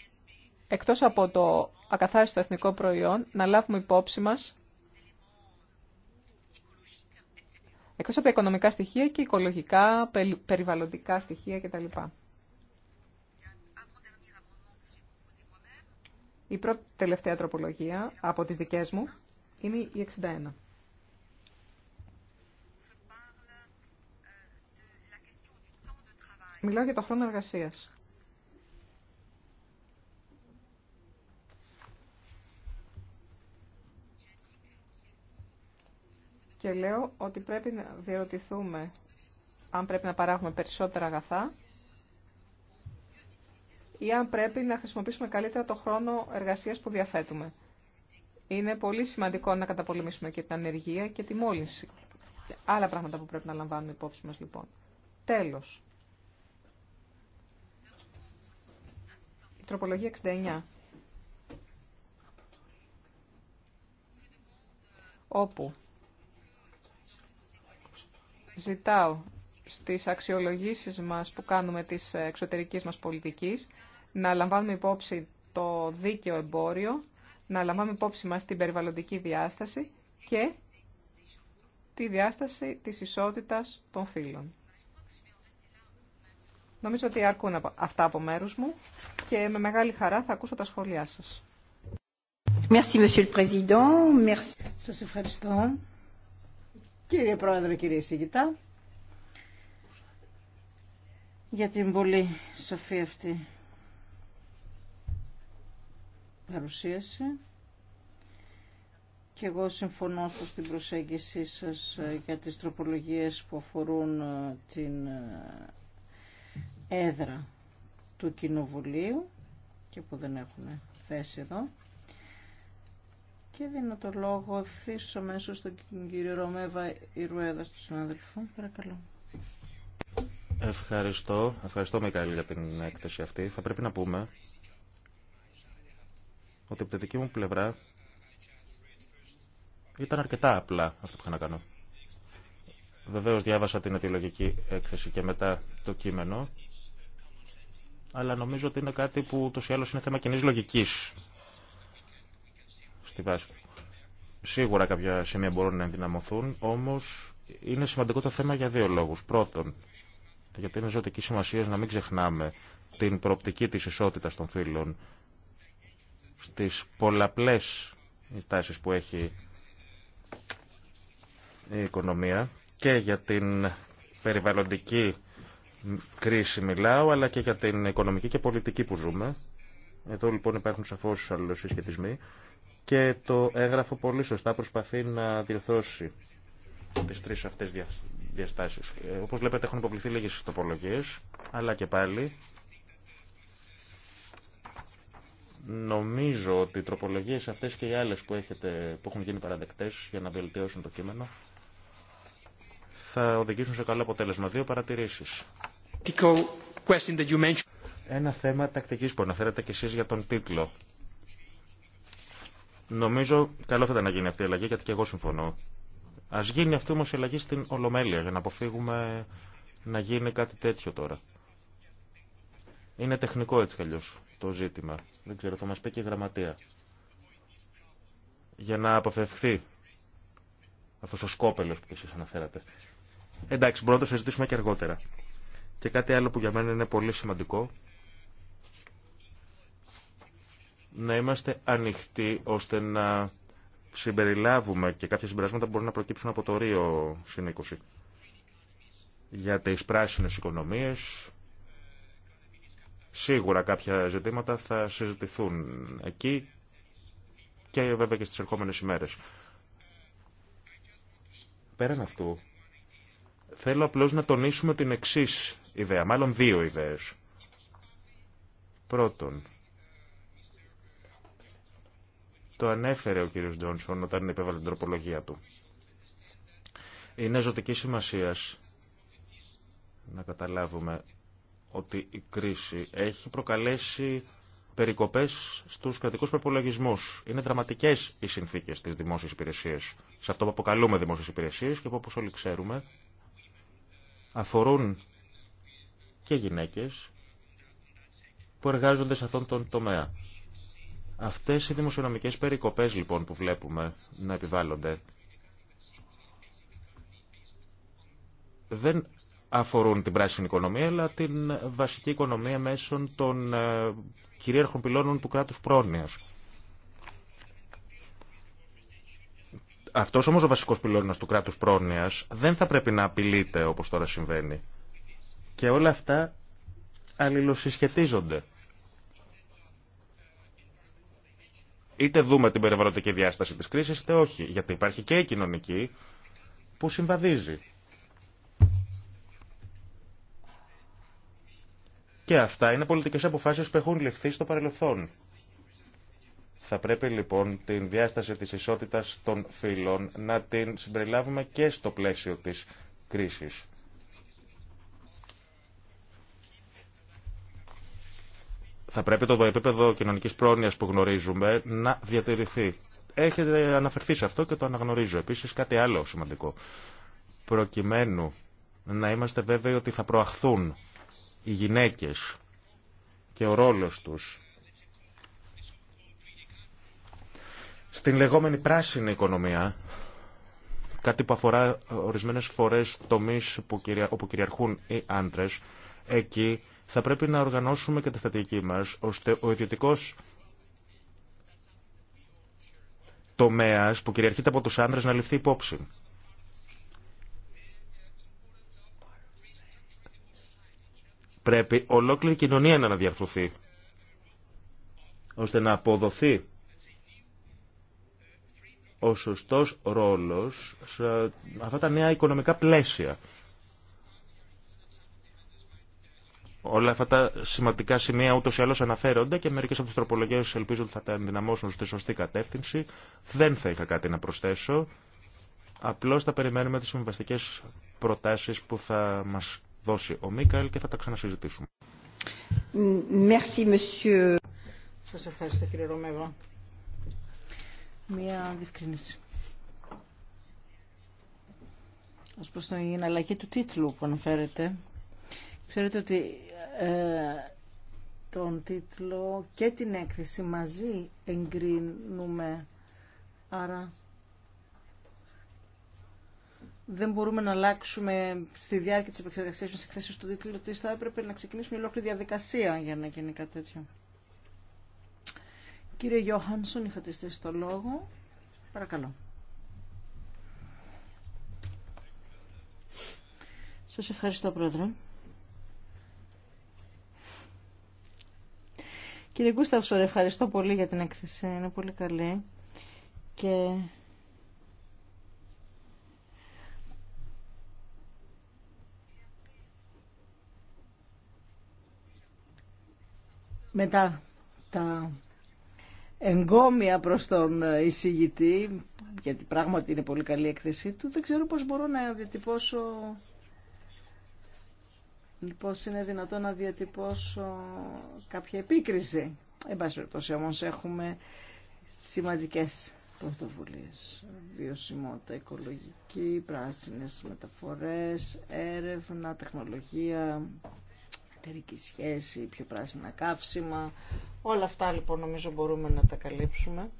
εκτός από το ακαθάριστο εθνικό προϊόν, να λάβουμε υπόψη μας Εκτός από τα οικονομικά στοιχεία και οικολογικά, περιβαλλοντικά στοιχεία κτλ. Η πρώτη τελευταία τροπολογία από τις δικές μου είναι η 61. Μιλάω για το χρόνο εργασίας. Και λέω ότι πρέπει να διερωτηθούμε αν πρέπει να παράγουμε περισσότερα αγαθά ή αν πρέπει να χρησιμοποιήσουμε καλύτερα το χρόνο εργασίας που διαθέτουμε. Είναι πολύ σημαντικό να καταπολεμήσουμε και την ανεργία και τη μόλυνση. άλλα πράγματα που πρέπει να λαμβάνουμε υπόψη μας λοιπόν. Τέλος. Η τροπολογία 69. Όπου ζητάω στις αξιολογήσεις μας που κάνουμε της εξωτερικής μας πολιτικής να λαμβάνουμε υπόψη το δίκαιο εμπόριο, να λαμβάνουμε υπόψη μας την περιβαλλοντική διάσταση και τη διάσταση της ισότητας των φύλων. Νομίζω ότι αρκούν αυτά από μέρους μου και με μεγάλη χαρά θα ακούσω τα σχόλιά σας. Κύριε Πρόεδρε, κύριε Σιγητά, για την πολύ σοφή αυτή παρουσίαση. Και εγώ συμφωνώ στην προσέγγιση σας ε, για τις τροπολογίες που αφορούν ε, την ε, έδρα του Κοινοβουλίου και που δεν έχουν θέση εδώ. Και δίνω το λόγο ευθύ αμέσω στον κύριο Ρωμέβα Ιρουέδα, στον συνάδελφο. Παρακαλώ. Ευχαριστώ. Ευχαριστώ, Μικαήλ, για την έκθεση αυτή. Θα πρέπει να πούμε ότι από τη δική μου πλευρά ήταν αρκετά απλά αυτό που είχα να κάνω. Βεβαίω διάβασα την αιτιολογική έκθεση και μετά το κείμενο, αλλά νομίζω ότι είναι κάτι που ούτω ή άλλω είναι θέμα κοινή λογική στη Σίγουρα κάποια σημεία μπορούν να ενδυναμωθούν, όμω είναι σημαντικό το θέμα για δύο λόγου. Πρώτον, γιατί είναι ζωτική σημασία να μην ξεχνάμε την προοπτική τη ισότητα των φίλων στι πολλαπλέ τάσει που έχει η οικονομία και για την περιβαλλοντική κρίση μιλάω, αλλά και για την οικονομική και πολιτική που ζούμε. Εδώ λοιπόν υπάρχουν σαφώς αλληλοσυσχετισμοί και το έγγραφο πολύ σωστά προσπαθεί να διορθώσει τις τρεις αυτές διαστάσεις. Ε, όπως βλέπετε έχουν υποβληθεί λίγε τοπολογίε, αλλά και πάλι νομίζω ότι οι τροπολογίες αυτές και οι άλλες που, έχετε, που έχουν γίνει παραδεκτές για να βελτιώσουν το κείμενο θα οδηγήσουν σε καλό αποτέλεσμα. Δύο παρατηρήσεις. Ένα θέμα τακτικής που αναφέρατε και εσείς για τον τίτλο. Νομίζω καλό θα ήταν να γίνει αυτή η αλλαγή, γιατί και εγώ συμφωνώ. Α γίνει αυτή όμω η αλλαγή στην Ολομέλεια, για να αποφύγουμε να γίνει κάτι τέτοιο τώρα. Είναι τεχνικό έτσι κι το ζήτημα. Δεν ξέρω, θα μα πει και η γραμματεία. Για να αποφευχθεί αυτό ο σκόπελο που εσεί αναφέρατε. Εντάξει, μπορούμε να το συζητήσουμε και αργότερα. Και κάτι άλλο που για μένα είναι πολύ σημαντικό να είμαστε ανοιχτοί ώστε να συμπεριλάβουμε και κάποια συμπεράσματα που μπορούν να προκύψουν από το Ρίο συνήκωση. Για τις πράσινες οικονομίες, σίγουρα κάποια ζητήματα θα συζητηθούν εκεί και βέβαια και στις ερχόμενες ημέρες. Πέραν αυτού, θέλω απλώς να τονίσουμε την εξής ιδέα, μάλλον δύο ιδέες. Πρώτον, το ανέφερε ο κύριος Τζόνσον όταν επέβαλε την τροπολογία του. Είναι ζωτική σημασία να καταλάβουμε ότι η κρίση έχει προκαλέσει περικοπές στους κρατικούς προπολογισμού. Είναι δραματικές οι συνθήκες της δημόσιας υπηρεσίας Σε αυτό που αποκαλούμε δημόσιες υπηρεσίες και που όπως όλοι ξέρουμε αφορούν και γυναίκες που εργάζονται σε αυτόν τον τομέα. Αυτές οι δημοσιονομικές περικοπές λοιπόν που βλέπουμε να επιβάλλονται δεν αφορούν την πράσινη οικονομία αλλά την βασική οικονομία μέσων των ε, κυρίαρχων πυλώνων του κράτους πρόνοιας. Αυτός όμως ο βασικός πυλώνας του κράτους πρόνοιας δεν θα πρέπει να απειλείται όπως τώρα συμβαίνει. Και όλα αυτά αλληλοσυσχετίζονται. Είτε δούμε την περιβαλλοντική διάσταση της κρίσης, είτε όχι. Γιατί υπάρχει και η κοινωνική που συμβαδίζει. Και αυτά είναι πολιτικές αποφάσεις που έχουν ληφθεί στο παρελθόν. Θα πρέπει λοιπόν την διάσταση της ισότητας των φύλων να την συμπεριλάβουμε και στο πλαίσιο της κρίσης. θα πρέπει το επίπεδο κοινωνικής πρόνοιας που γνωρίζουμε να διατηρηθεί. Έχετε αναφερθεί σε αυτό και το αναγνωρίζω. Επίσης κάτι άλλο σημαντικό. Προκειμένου να είμαστε βέβαιοι ότι θα προαχθούν οι γυναίκες και ο ρόλος τους στην λεγόμενη πράσινη οικονομία, κάτι που αφορά ορισμένες φορές τομείς που, όπου κυριαρχούν οι άντρες, εκεί θα πρέπει να οργανώσουμε και τη στατική μας, ώστε ο ιδιωτικός τομέας που κυριαρχείται από τους άνδρες να ληφθεί υπόψη. Πρέπει ολόκληρη η κοινωνία να αναδιαρθρωθεί, ώστε να αποδοθεί ο σωστός ρόλος σε αυτά τα νέα οικονομικά πλαίσια Όλα αυτά τα σημαντικά σημεία ούτω ή άλλω αναφέρονται και μερικέ από τι τροπολογίες ελπίζω ότι θα τα ενδυναμώσουν στη σωστή κατεύθυνση. Δεν θα είχα κάτι να προσθέσω. Απλώς θα περιμένουμε τις συμβαστικέ προτάσεις που θα μας δώσει ο Μίκαλ και θα τα ξανασυζητήσουμε. Merci, monsieur. Σας ευχαριστώ κύριε Ρωμεύα. Μία διευκρίνηση. Ω προ την αλλαγή του τίτλου που αναφέρεται, Ξέρετε ότι ε, τον τίτλο και την έκθεση μαζί εγκρίνουμε. Άρα δεν μπορούμε να αλλάξουμε στη διάρκεια της επεξεργασίας μας εκθέσεως του τίτλου ότι θα έπρεπε να ξεκινήσουμε ολόκληρη διαδικασία για να γίνει κάτι τέτοιο. Κύριε Γιώχανσον, είχατε στήσει το λόγο. Παρακαλώ. Σας ευχαριστώ, Πρόεδρε. Κύριε Γκούσταυσορ, ευχαριστώ πολύ για την έκθεση. Είναι πολύ καλή. Και... Μετά τα εγκόμια προς τον εισηγητή, γιατί πράγματι είναι πολύ καλή η έκθεσή του, δεν ξέρω πώς μπορώ να διατυπώσω Πώς λοιπόν, είναι δυνατό να διατυπώσω κάποια επίκριση. Εν πάση περιπτώσει όμως έχουμε σημαντικές πρωτοβουλίες. Βιωσιμότητα οικολογική, πράσινες μεταφορές, έρευνα, τεχνολογία, εταιρική σχέση, πιο πράσινα καύσιμα. Όλα αυτά λοιπόν νομίζω μπορούμε να τα καλύψουμε.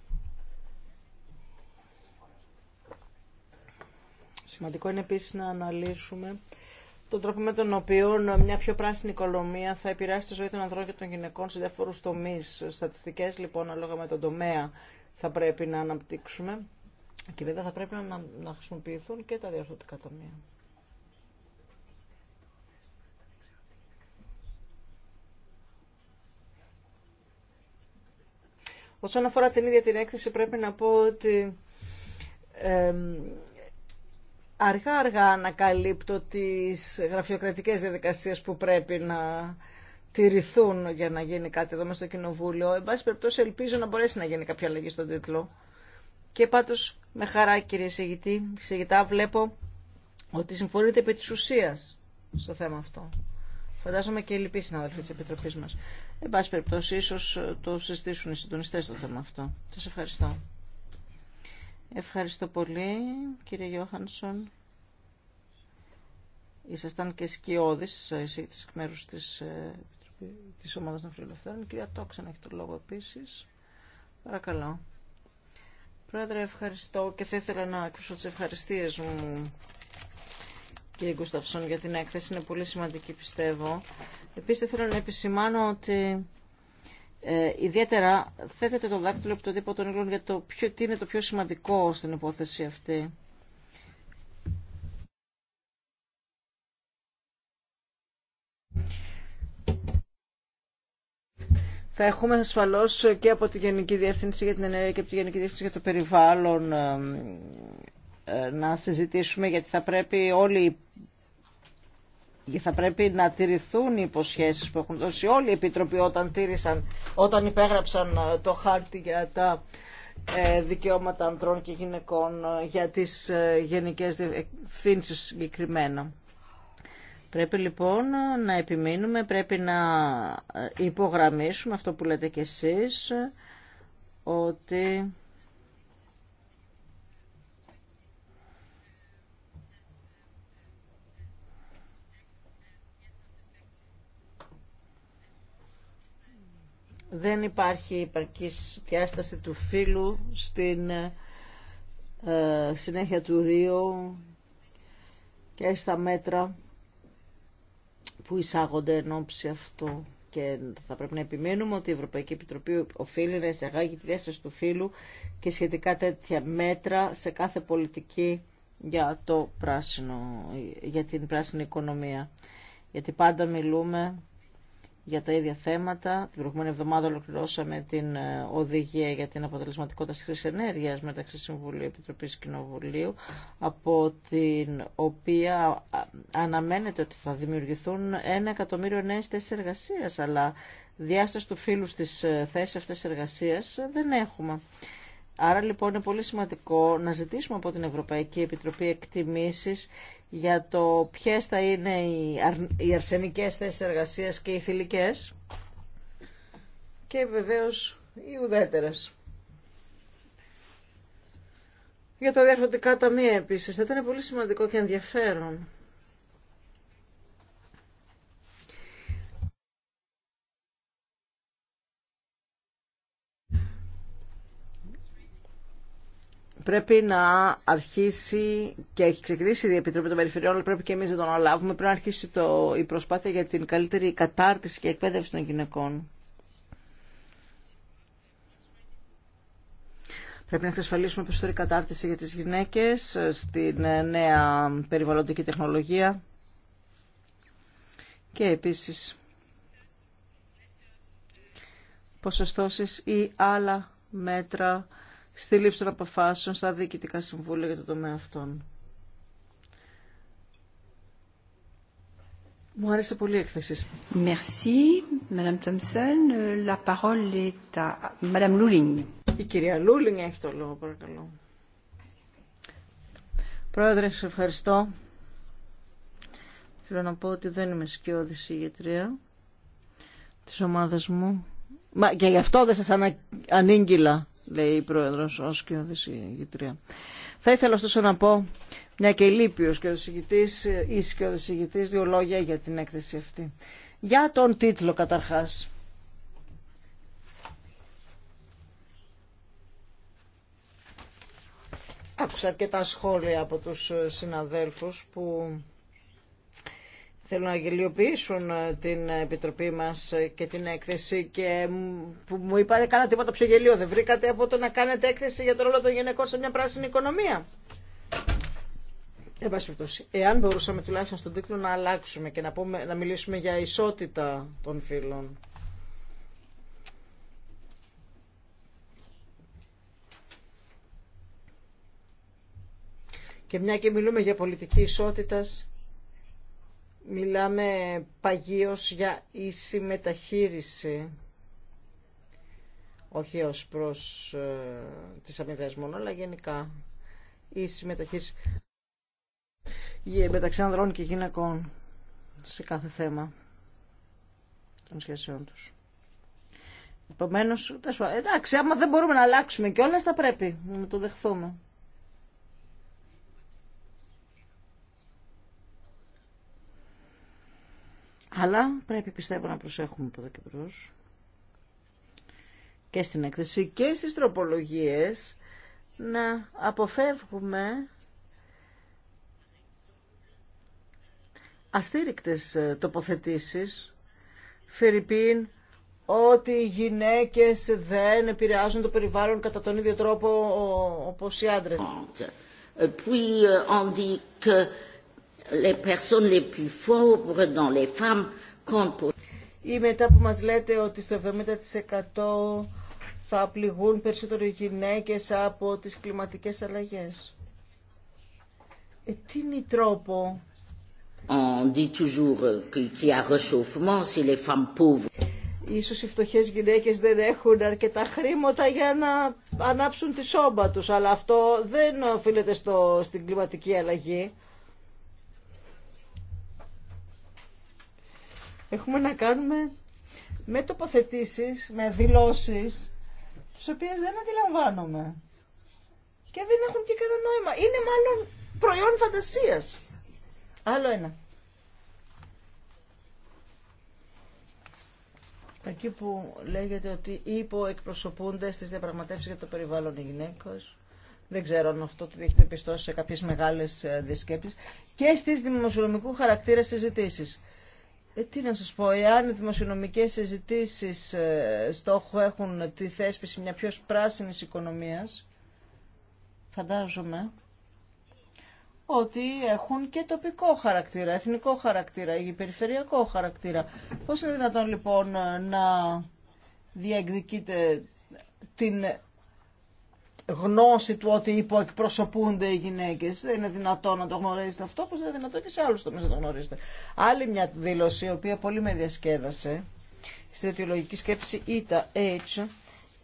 Σημαντικό είναι επίσης να αναλύσουμε τον τρόπο με τον οποίο μια πιο πράσινη οικονομία θα επηρεάσει τη ζωή των ανδρών και των γυναικών σε διάφορου τομεί. Στατιστικέ λοιπόν, ανάλογα με τον τομέα, θα πρέπει να αναπτύξουμε. Και βέβαια θα πρέπει να, να χρησιμοποιηθούν και τα διαφορετικά τομεία. Όσον αφορά την ίδια την έκθεση, πρέπει να πω ότι αργά-αργά ανακαλύπτω τις γραφειοκρατικές διαδικασίες που πρέπει να τηρηθούν για να γίνει κάτι εδώ μέσα στο Κοινοβούλιο. Εν πάση περιπτώσει ελπίζω να μπορέσει να γίνει κάποια αλλαγή στον τίτλο. Και πάντως με χαρά κύριε Σεγητή, Σεγητά βλέπω ότι συμφωνείτε επί της ουσίας στο θέμα αυτό. Φαντάζομαι και οι λοιποί συνάδελφοι της Επιτροπής μας. Εν πάση περιπτώσει ίσως το συζητήσουν οι συντονιστές στο θέμα αυτό. Σας ευχαριστώ. Ευχαριστώ πολύ, κύριε Γιώχανσον. Ήσασταν και σκιώδης εσύ εκ μέρους της, ε, της ομάδας των φιλελευθέρων. Κυρία Τόξεν έχει το λόγο επίσης. Παρακαλώ. Πρόεδρε, ευχαριστώ και θα ήθελα να ακούσω τις ευχαριστίες μου κύριε Γκουσταυσόν για την έκθεση. Είναι πολύ σημαντική, πιστεύω. Επίσης, θέλω να επισημάνω ότι ε, ιδιαίτερα θέτετε το δάκτυλο από το τύπο των ήλων για το ποιο, τι είναι το πιο σημαντικό στην υπόθεση αυτή. Θα έχουμε ασφαλώ και από τη Γενική Διεύθυνση για την Ενέργεια και από τη Γενική Διεύθυνση για το Περιβάλλον ε, να συζητήσουμε γιατί θα πρέπει όλοι θα πρέπει να τηρηθούν οι υποσχέσει που έχουν δώσει όλοι οι επιτροποί όταν, τήρησαν, όταν υπέγραψαν ε, το χάρτη για τα ε, δικαιώματα ανδρών και γυναικών ε, για τις γενικές ευθύνσεις συγκεκριμένα. Πρέπει λοιπόν να επιμείνουμε, πρέπει να υπογραμμίσουμε αυτό που λέτε κι εσείς, ότι δεν υπάρχει υπαρκή διάσταση του φίλου στην ε, συνέχεια του Ρίου και στα μέτρα που εισάγονται εν ώψη αυτού. Και θα πρέπει να επιμείνουμε ότι η Ευρωπαϊκή Επιτροπή οφείλει να εισαγάγει τη διάσταση του φύλου και σχετικά τέτοια μέτρα σε κάθε πολιτική για, το πράσινο, για την πράσινη οικονομία. Γιατί πάντα μιλούμε για τα ίδια θέματα. Την προηγούμενη εβδομάδα ολοκληρώσαμε την ε, οδηγία για την αποτελεσματικότητα της χρήση ενέργεια μεταξύ Συμβουλίου Επιτροπής Κοινοβουλίου, από την οποία αναμένεται ότι θα δημιουργηθούν ένα εκατομμύριο νέες θέσει εργασία, αλλά διάσταση του φύλου στις ε, θέσεις αυτές εργασία δεν έχουμε. Άρα λοιπόν είναι πολύ σημαντικό να ζητήσουμε από την Ευρωπαϊκή Επιτροπή εκτιμήσεις για το ποιες θα είναι οι αρσενικές θέσεις εργασίας και οι θηλυκές και βεβαίως οι ουδέτερες. Για τα διαρθρωτικά ταμεία επίσης θα ήταν πολύ σημαντικό και ενδιαφέρον πρέπει να αρχίσει και έχει ξεκινήσει η Επιτροπή των Περιφερειών, αλλά πρέπει και εμείς να τον αναλάβουμε. Πρέπει να αρχίσει το, η προσπάθεια για την καλύτερη κατάρτιση και εκπαίδευση των γυναικών. Πρέπει να εξασφαλίσουμε περισσότερη κατάρτιση για τις γυναίκες ε, στην ε, νέα περιβαλλοντική τεχνολογία και επίσης ποσοστώσεις ή άλλα μέτρα στη λήψη των αποφάσεων στα διοικητικά συμβούλια για το τομέα αυτών. Μου άρεσε πολύ η έκθεση. Merci, Madame Thompson. La parole est à Madame Η κυρία Λούλινγκ έχει το λόγο, παρακαλώ. Πρόεδρε, σε ευχαριστώ. Θέλω να πω ότι δεν είμαι σκιώδη ηγετρία τη ομάδα μου. Μα και γι' αυτό δεν σα ανα... ανήγγυλα λέει η πρόεδρος ως και ηγητρία. Θα ήθελα ωστόσο να πω, μια και λείπει ο σκιοδησηγητής ή σκιοδησηγητής, δύο λόγια για την έκθεση αυτή. Για τον τίτλο καταρχάς. Άκουσα αρκετά σχόλια από τους συναδέλφους που θέλουν να γελιοποιήσουν ε, την επιτροπή μας ε, και την έκθεση και που μου είπανε κάνα τίποτα πιο γελίο δεν βρήκατε από το να κάνετε έκθεση για το ρόλο των γυναικών σε μια πράσινη οικονομία. Εν εάν μπορούσαμε τουλάχιστον στον τίτλο να αλλάξουμε και να, πούμε, να μιλήσουμε για ισότητα των φύλων. Και μια και μιλούμε για πολιτική ισότητας, Μιλάμε παγίως για ίση μεταχείριση, όχι ως προς ε, τις αμοιβές μόνο, αλλά γενικά ίση μεταχείριση ε, μεταξύ ανδρών και γυναικών σε κάθε θέμα των σχέσεών τους. Επομένως, εντάξει, άμα δεν μπορούμε να αλλάξουμε κιόλας θα πρέπει να το δεχθούμε. Αλλά πρέπει πιστεύω να προσέχουμε από εδώ και και στην έκθεση και στις τροπολογίες να αποφεύγουμε αστήρικτες ε, τοποθετήσεις Φερρυπίν ότι οι γυναίκες δεν επηρεάζουν το περιβάλλον κατά τον ίδιο τρόπο όπως οι άντρες les personnes les plus pauvres dans les femmes pour... Ή μετά που μας λέτε ότι στο 70% θα πληγούν περισσότερο οι γυναίκες από τις κλιματικές αλλαγές. Ε, τι είναι η τρόπο. On dit toujours qu'il y a réchauffement si les femmes pauvres. Ίσως οι φτωχές γυναίκες δεν έχουν αρκετά χρήματα για να ανάψουν τη σόμπα τους, αλλά αυτό δεν οφείλεται στο, στην κλιματική αλλαγή. Έχουμε να κάνουμε με τοποθετήσει με δηλώσεις, τις οποίες δεν αντιλαμβάνομαι. Και δεν έχουν και κανένα νόημα. Είναι μάλλον προϊόν φαντασίας. Άλλο ένα. Εκεί που λέγεται ότι υποεκπροσωπούνται στις διαπραγματεύσεις για το περιβάλλον οι γυναίκες. Δεν ξέρω αν αυτό το έχετε πιστώσει σε κάποιες μεγάλες ε, δισκέψεις. Και στις δημοσιονομικού χαρακτήρα συζητήσεις. Ε, τι να σας πω, εάν οι δημοσιονομικές συζητήσεις ε, στόχο έχουν τη θέσπιση μια πιο πράσινη οικονομίας, φαντάζομαι ότι έχουν και τοπικό χαρακτήρα, εθνικό χαρακτήρα ή περιφερειακό χαρακτήρα. Πώς είναι δυνατόν λοιπόν να διεκδικείτε την γνώση του ότι υποεκπροσωπούνται οι γυναίκε. Δεν είναι δυνατόν να το γνωρίζετε αυτό, όπω δεν είναι δυνατόν και σε άλλου τομεί να το γνωρίζετε. Άλλη μια δήλωση, η οποία πολύ με διασκέδασε, στη αιτιολογική σκέψη ΙΤΑ-H,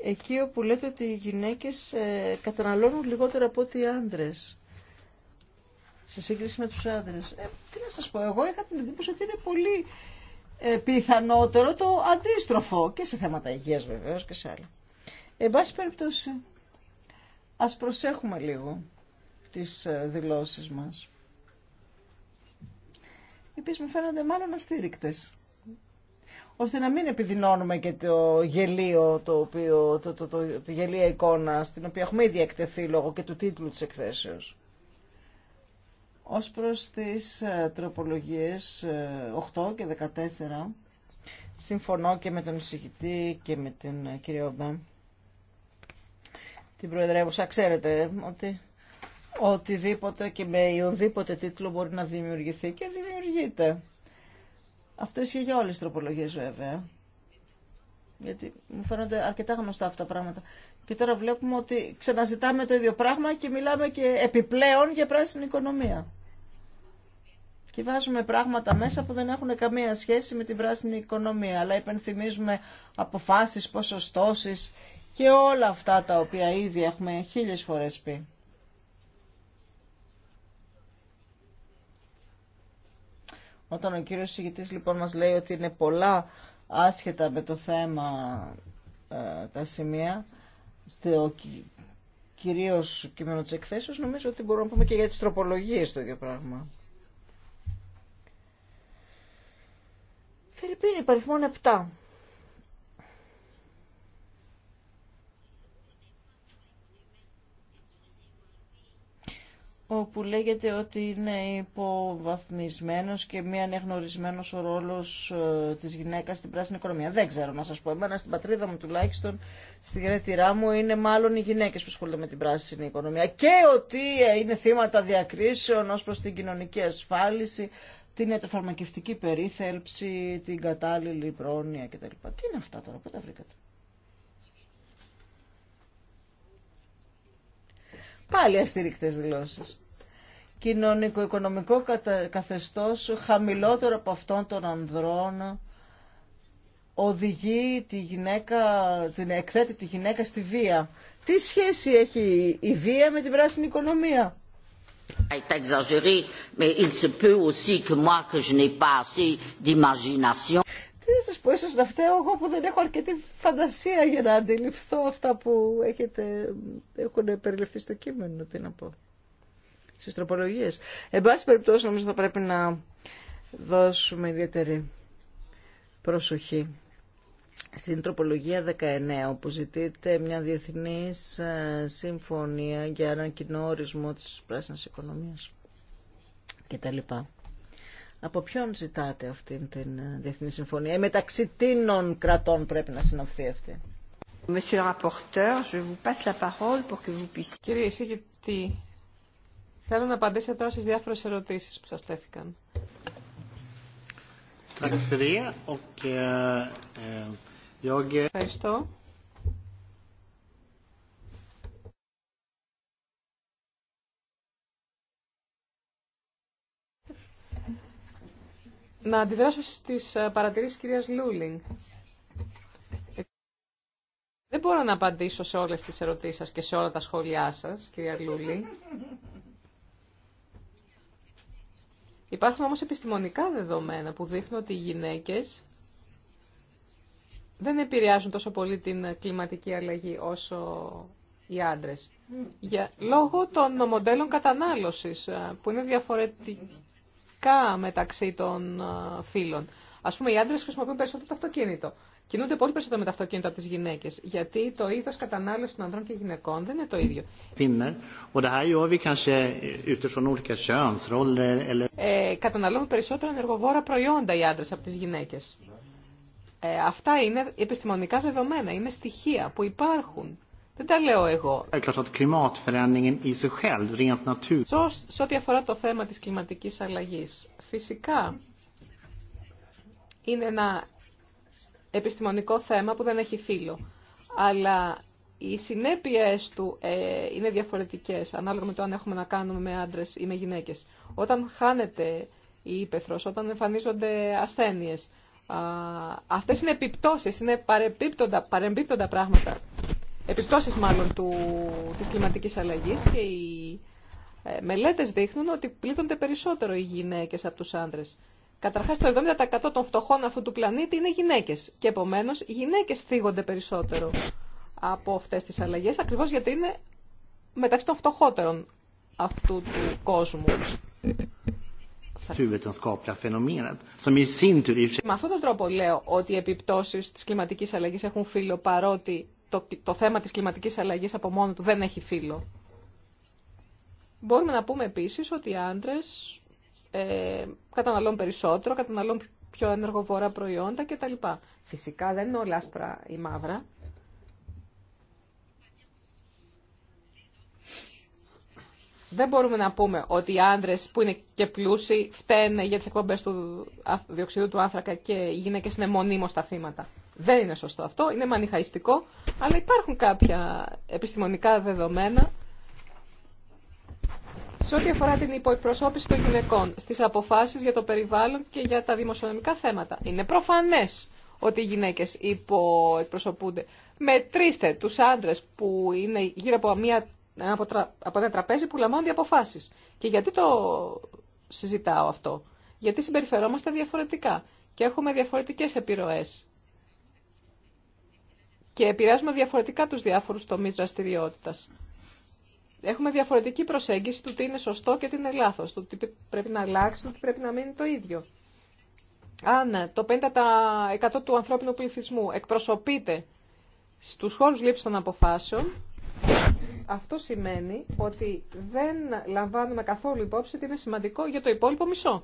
εκεί όπου λέτε ότι οι γυναίκε ε, καταναλώνουν λιγότερο από ότι οι άντρε. Σε σύγκριση με του άντρε. Ε, τι να σα πω, εγώ είχα την εντύπωση ότι είναι πολύ ε, πιθανότερο το αντίστροφο και σε θέματα υγεία βεβαίω και σε άλλα. Εν πάση περιπτώσει, Ας προσέχουμε λίγο τις ε, δηλώσεις μας. Οι μου φαίνονται μάλλον αστήρικτες. Ώστε να μην επιδεινώνουμε και το γελίο, το οποίο, το, το, το, τη γελία εικόνα στην οποία έχουμε ήδη εκτεθεί λόγω και του τίτλου της εκθέσεως. Ως προς τις ε, τροπολογίες 8 ε, και 14, συμφωνώ και με τον εισηγητή και με την κυρία Ομπέμ, την Προεδρεύουσα. Ξέρετε ότι οτιδήποτε και με οδήποτε τίτλο μπορεί να δημιουργηθεί και δημιουργείται. Αυτό ισχύει για όλες τις τροπολογίες βέβαια. Γιατί μου φαίνονται αρκετά γνωστά αυτά τα πράγματα. Και τώρα βλέπουμε ότι ξαναζητάμε το ίδιο πράγμα και μιλάμε και επιπλέον για πράσινη οικονομία. Και βάζουμε πράγματα μέσα που δεν έχουν καμία σχέση με την πράσινη οικονομία. Αλλά υπενθυμίζουμε αποφάσεις, ποσοστώσεις και όλα αυτά τα οποία ήδη έχουμε χίλιες φορές πει. Όταν ο κύριος συγητής λοιπόν μας λέει ότι είναι πολλά άσχετα με το θέμα ε, τα σημεία, στο κυρίως κείμενο τη εκθέσεως, νομίζω ότι μπορούμε να πούμε και για τις τροπολογίες το ίδιο πράγμα. Φιλιππίνη, παριθμόν 7. όπου λέγεται ότι είναι υποβαθμισμένος και μη ανεγνωρισμένος ο ρόλος ε, της γυναίκας στην πράσινη οικονομία. Δεν ξέρω να σας πω. Εμένα στην πατρίδα μου τουλάχιστον, στην γενέτηρά μου, είναι μάλλον οι γυναίκες που ασχολούνται με την πράσινη οικονομία. Και ότι ε, είναι θύματα διακρίσεων ως προς την κοινωνική ασφάλιση, την ιατροφαρμακευτική περίθελψη, την κατάλληλη πρόνοια κτλ. Τι είναι αυτά τώρα, πού τα βρήκατε. Πάλι αστηρίκτες δηλώσεις. Κοινωνικο-οικονομικό καθεστώς χαμηλότερο από αυτόν των ανδρών οδηγεί τη γυναίκα, την εκθέτει τη γυναίκα στη βία. Τι σχέση έχει η βία με την πράσινη οικονομία. Δεν να σας πω, ίσως να φταίω εγώ που δεν έχω αρκετή φαντασία για να αντιληφθώ αυτά που έχετε, έχουν περιληφθεί στο κείμενο, τι να πω, στις τροπολογίες. Εν πάση περιπτώσει νομίζω θα πρέπει να δώσουμε ιδιαίτερη προσοχή στην τροπολογία 19, όπου ζητείται μια διεθνής ε, συμφωνία για έναν κοινό ορισμό της πράσινης οικονομίας κτλ. Από ποιον ζητάτε αυτή την ε, διεθνή συμφωνία ή μεταξύ τίνων κρατών πρέπει να συναυθεί αυτή. Κύριε Σίγητη, θέλω να απαντήσετε τώρα στις διάφορες ερωτήσεις που σας τέθηκαν. Eh, eh, Ευχαριστώ. να αντιδράσω στις ε, παρατηρήσεις κυρίας Λούλινγκ. Δεν μπορώ να απαντήσω σε όλες τις ερωτήσεις σας και σε όλα τα σχόλιά σας, κυρία Λούλινγκ. Υπάρχουν όμως επιστημονικά δεδομένα που δείχνουν ότι οι γυναίκες δεν επηρεάζουν τόσο πολύ την κλιματική αλλαγή όσο οι άντρες. Για, λόγω των μοντέλων κατανάλωσης ε, που είναι διαφορετικοί ειδικά μεταξύ των φίλων. Α πούμε, οι άντρε χρησιμοποιούν περισσότερο το αυτοκίνητο. Κινούνται πολύ περισσότερο με το αυτοκίνητο από τι γυναίκε. Γιατί το είδο κατανάλωση των ανδρών και γυναικών δεν είναι το ίδιο. Ε, καταναλώνουν περισσότερο ενεργοβόρα προϊόντα οι άντρε από τι γυναίκε. Ε, αυτά είναι επιστημονικά δεδομένα, είναι στοιχεία που υπάρχουν δεν τα λέω εγώ. Σε ό,τι αφορά το θέμα της κλιματικής αλλαγής, φυσικά είναι ένα επιστημονικό θέμα που δεν έχει φύλλο. Αλλά οι συνέπειες του ε, είναι διαφορετικές, ανάλογα με το αν έχουμε να κάνουμε με άντρες ή με γυναίκες. Όταν χάνεται η ύπεθρος, όταν εμφανίζονται ασθένειες, αυτε αυτές είναι επιπτώσεις, είναι παρεμπίπτοντα πράγματα επιπτώσεις μάλλον του, της κλιματικής αλλαγής και οι ε, μελέτες δείχνουν ότι πλήττονται περισσότερο οι γυναίκες από τους άντρες. Καταρχάς το 70% των φτωχών αυτού του πλανήτη είναι γυναίκες και επομένως οι γυναίκες θίγονται περισσότερο από αυτές τις αλλαγές ακριβώς γιατί είναι μεταξύ των φτωχότερων αυτού του κόσμου. Με αυτόν τον τρόπο λέω ότι οι επιπτώσεις της κλιματικής αλλαγής έχουν φύλλο παρότι το, θέμα της κλιματικής αλλαγής από μόνο του δεν έχει φύλλο. Μπορούμε να πούμε επίσης ότι οι άντρες ε, καταναλώνουν περισσότερο, καταναλώνουν πιο ενεργοβόρα προϊόντα κτλ. Φυσικά δεν είναι όλα άσπρα ή μαύρα. Δεν μπορούμε να πούμε ότι οι άντρε που είναι και πλούσιοι φταίνε για τι εκπομπέ του διοξιδίου του άνθρακα και οι γυναίκε είναι μονίμω τα θύματα. Δεν είναι σωστό αυτό, είναι μανιχαϊστικό, αλλά υπάρχουν κάποια επιστημονικά δεδομένα σε ό,τι αφορά την υποεκπροσώπηση των γυναικών στις αποφάσεις για το περιβάλλον και για τα δημοσιονομικά θέματα. Είναι προφανές ότι οι γυναίκες υποεκπροσωπούνται. Μετρήστε τους άντρες που είναι γύρω από, μια, από, από ένα τραπέζι που λαμβάνονται αποφάσεις. Και γιατί το συζητάω αυτό. Γιατί συμπεριφερόμαστε διαφορετικά και έχουμε διαφορετικές επιρροές και επηρεάζουμε διαφορετικά τους διάφορους τομείς δραστηριότητας. Έχουμε διαφορετική προσέγγιση του τι είναι σωστό και τι είναι λάθος, του τι πρέπει να αλλάξει, του τι πρέπει να μείνει το ίδιο. Αν το 50% του ανθρώπινου πληθυσμού εκπροσωπείται στους χώρους λήψης των αποφάσεων, αυτό σημαίνει ότι δεν λαμβάνουμε καθόλου υπόψη ότι είναι σημαντικό για το υπόλοιπο μισό.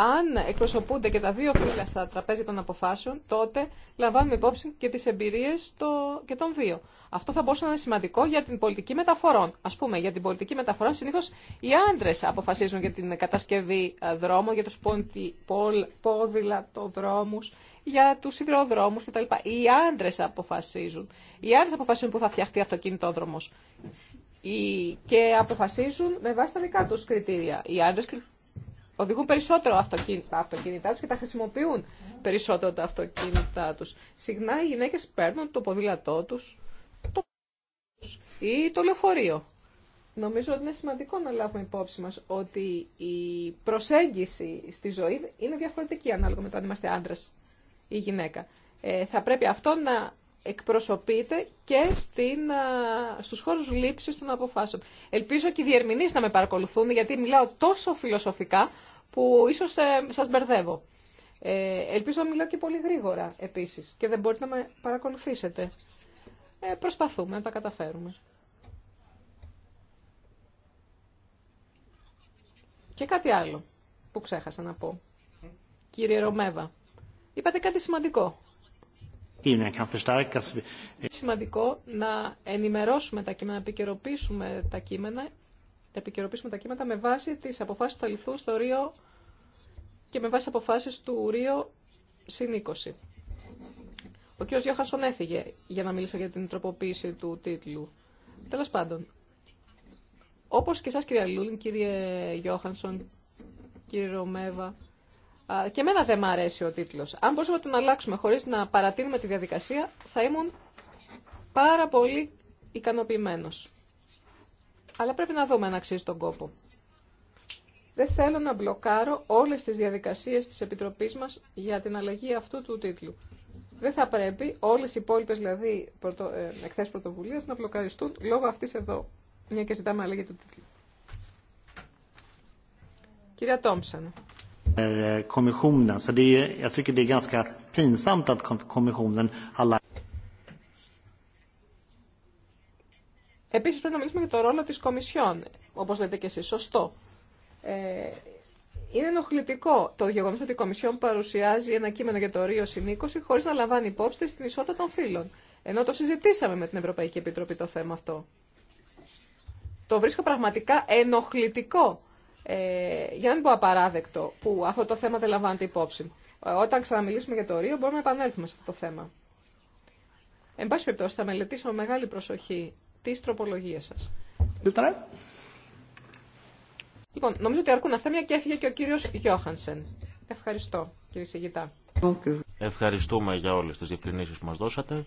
Αν εκπροσωπούνται και τα δύο φύλλα στα τραπέζια των αποφάσεων, τότε λαμβάνουμε υπόψη και τι εμπειρίε και των δύο. Αυτό θα μπορούσε να είναι σημαντικό για την πολιτική μεταφορών. Α πούμε, για την πολιτική μεταφορά συνήθω οι άντρε αποφασίζουν για την κατασκευή ε, δρόμων, για του ποδηλατοδρόμου, για του υδροδρόμου κτλ. Οι άντρε αποφασίζουν. Οι άντρε αποφασίζουν πού θα φτιαχτεί αυτοκινητόδρομο και αποφασίζουν με βάση τα δικά του κριτήρια. Οι οδηγούν περισσότερο αυτοκίνητα, τα αυτοκίνητά τους και τα χρησιμοποιούν περισσότερο τα αυτοκίνητά τους. Συχνά οι γυναίκες παίρνουν το ποδήλατό τους το... ή το λεωφορείο. Νομίζω ότι είναι σημαντικό να λάβουμε υπόψη μας ότι η προσέγγιση στη ζωή είναι διαφορετική ανάλογα με το αν είμαστε άντρας ή γυναίκα. Ε, θα πρέπει αυτό να εκπροσωπείται και στην, στους χώρους λήψης των αποφάσεων. Ελπίζω και οι διερμηνείς να με παρακολουθούν, γιατί μιλάω τόσο φιλοσοφικά που ίσως ε, σας μπερδεύω. Ε, ελπίζω να μιλάω και πολύ γρήγορα επίσης και δεν μπορείτε να με παρακολουθήσετε. Ε, προσπαθούμε να τα καταφέρουμε. Και κάτι άλλο που ξέχασα να πω. Κύριε Ρωμέβα, είπατε κάτι σημαντικό. Είναι σημαντικό να ενημερώσουμε τα κείμενα, να επικαιροποιήσουμε τα κείμενα, επικαιροποιήσουμε τα κείμενα με βάση τις αποφάσεις του θα στο Ρίο και με βάση τις αποφάσεις του Ρίο συν 20. Ο κ. Γιώχανσον έφυγε για να μιλήσω για την τροποποίηση του τίτλου. Τέλος πάντων, όπως και εσάς κ. Λούλιν, κύριε Γιώχανσον, κύριε Ρωμέβα, και εμένα δεν μου αρέσει ο τίτλος. Αν μπορούσαμε να τον αλλάξουμε χωρίς να παρατείνουμε τη διαδικασία, θα ήμουν πάρα πολύ ικανοποιημένος. Αλλά πρέπει να δούμε αν αξίζει τον κόπο. Δεν θέλω να μπλοκάρω όλες τις διαδικασίες τη επιτροπή μας για την αλλαγή αυτού του τίτλου. Δεν θα πρέπει όλες οι υπόλοιπε δηλαδή πρωτο, ε, να μπλοκαριστούν λόγω αυτή εδώ, μια και ζητάμε αλλαγή του τίτλου. Κυρία Τόμψαν kommissionen. Επίσης πρέπει να μιλήσουμε για το ρόλο της Κομισιόν, όπως λέτε και εσείς, σωστό. Ε, είναι ενοχλητικό το γεγονός ότι η Κομισιόν παρουσιάζει ένα κείμενο για το Ρίο Συν χωρίς να λαμβάνει υπόψη στην ισότητα των φύλων. Ενώ το συζητήσαμε με την Ευρωπαϊκή Επιτροπή το θέμα αυτό. Το βρίσκω πραγματικά ενοχλητικό ε, για να μην πω απαράδεκτο που αυτό το θέμα δεν λαμβάνεται υπόψη. Ε, όταν ξαναμιλήσουμε για το Ρίο μπορούμε να επανέλθουμε σε αυτό το θέμα. Εν πάση περιπτώσει θα μελετήσω μεγάλη προσοχή τι τροπολογίε σα. Λοιπόν, νομίζω ότι αρκούν αυτά μια και έφυγε και ο κύριο Γιώχανσεν. Ευχαριστώ κύριε Σιγητά. Ευχαριστούμε για όλε τι διευκρινήσει που μα δώσατε.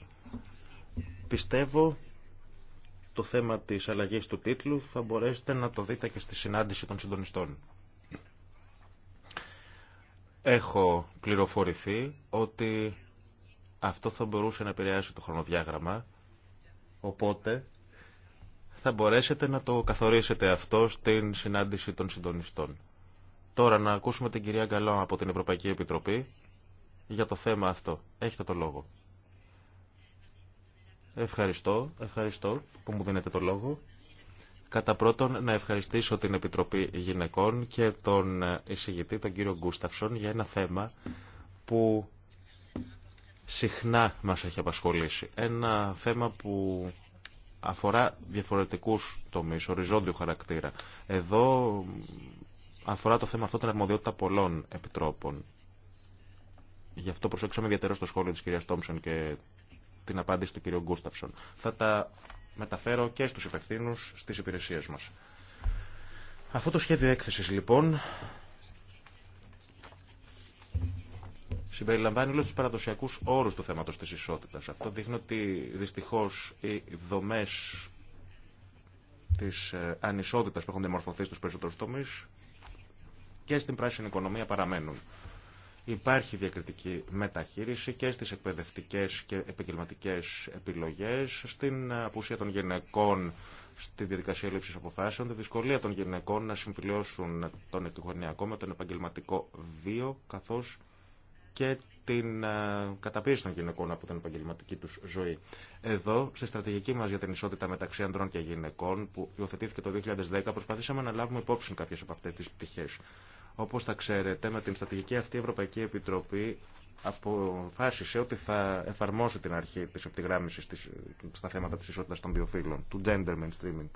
Πιστεύω το θέμα της αλλαγής του τίτλου θα μπορέσετε να το δείτε και στη συνάντηση των συντονιστών. Έχω πληροφορηθεί ότι αυτό θα μπορούσε να επηρεάσει το χρονοδιάγραμμα, οπότε θα μπορέσετε να το καθορίσετε αυτό στην συνάντηση των συντονιστών. Τώρα να ακούσουμε την κυρία Γκαλό από την Ευρωπαϊκή Επιτροπή για το θέμα αυτό. Έχετε το λόγο. Ευχαριστώ, ευχαριστώ που μου δίνετε το λόγο. Κατά πρώτον, να ευχαριστήσω την Επιτροπή Γυναικών και τον εισηγητή, τον κύριο Γκούσταυσον, για ένα θέμα που συχνά μας έχει απασχολήσει. Ένα θέμα που αφορά διαφορετικούς τομείς, οριζόντιου χαρακτήρα. Εδώ αφορά το θέμα αυτό την αρμοδιότητα πολλών επιτρόπων. Γι' αυτό προσέξαμε ιδιαίτερα στο σχόλιο της κυρίας Τόμψον και την απάντηση του κ. Γκούσταυσον. Θα τα μεταφέρω και στους υπευθύνου στις υπηρεσίες μας. Αυτό το σχέδιο έκθεσης λοιπόν συμπεριλαμβάνει όλου τους παραδοσιακούς όρους του θέματος της ισότητας. Αυτό δείχνει ότι δυστυχώς, οι δομέ της ε, ανισότητας που έχουν διαμορφωθεί στους περισσότερους τομείς και στην πράσινη οικονομία παραμένουν. Υπάρχει διακριτική μεταχείριση και στις εκπαιδευτικές και επαγγελματικές επιλογές, στην απουσία των γυναικών στη διαδικασία λήψης αποφάσεων, τη δυσκολία των γυναικών να συμπληρώσουν τον επιχωνιακό με τον επαγγελματικό βίο, καθώς και την ε, καταπίεση των γυναικών από την επαγγελματική τους ζωή. Εδώ, στη στρατηγική μας για την ισότητα μεταξύ ανδρών και γυναικών, που υιοθετήθηκε το 2010, προσπαθήσαμε να λάβουμε υπόψη κάποιες από αυτές τις πτυχές. Όπως θα ξέρετε, με την στρατηγική αυτή η Ευρωπαϊκή Επιτροπή αποφάσισε ότι θα εφαρμόσει την αρχή της ευθυγράμμισης στα θέματα της ισότητας των δύο φύλων, του gender mainstreaming.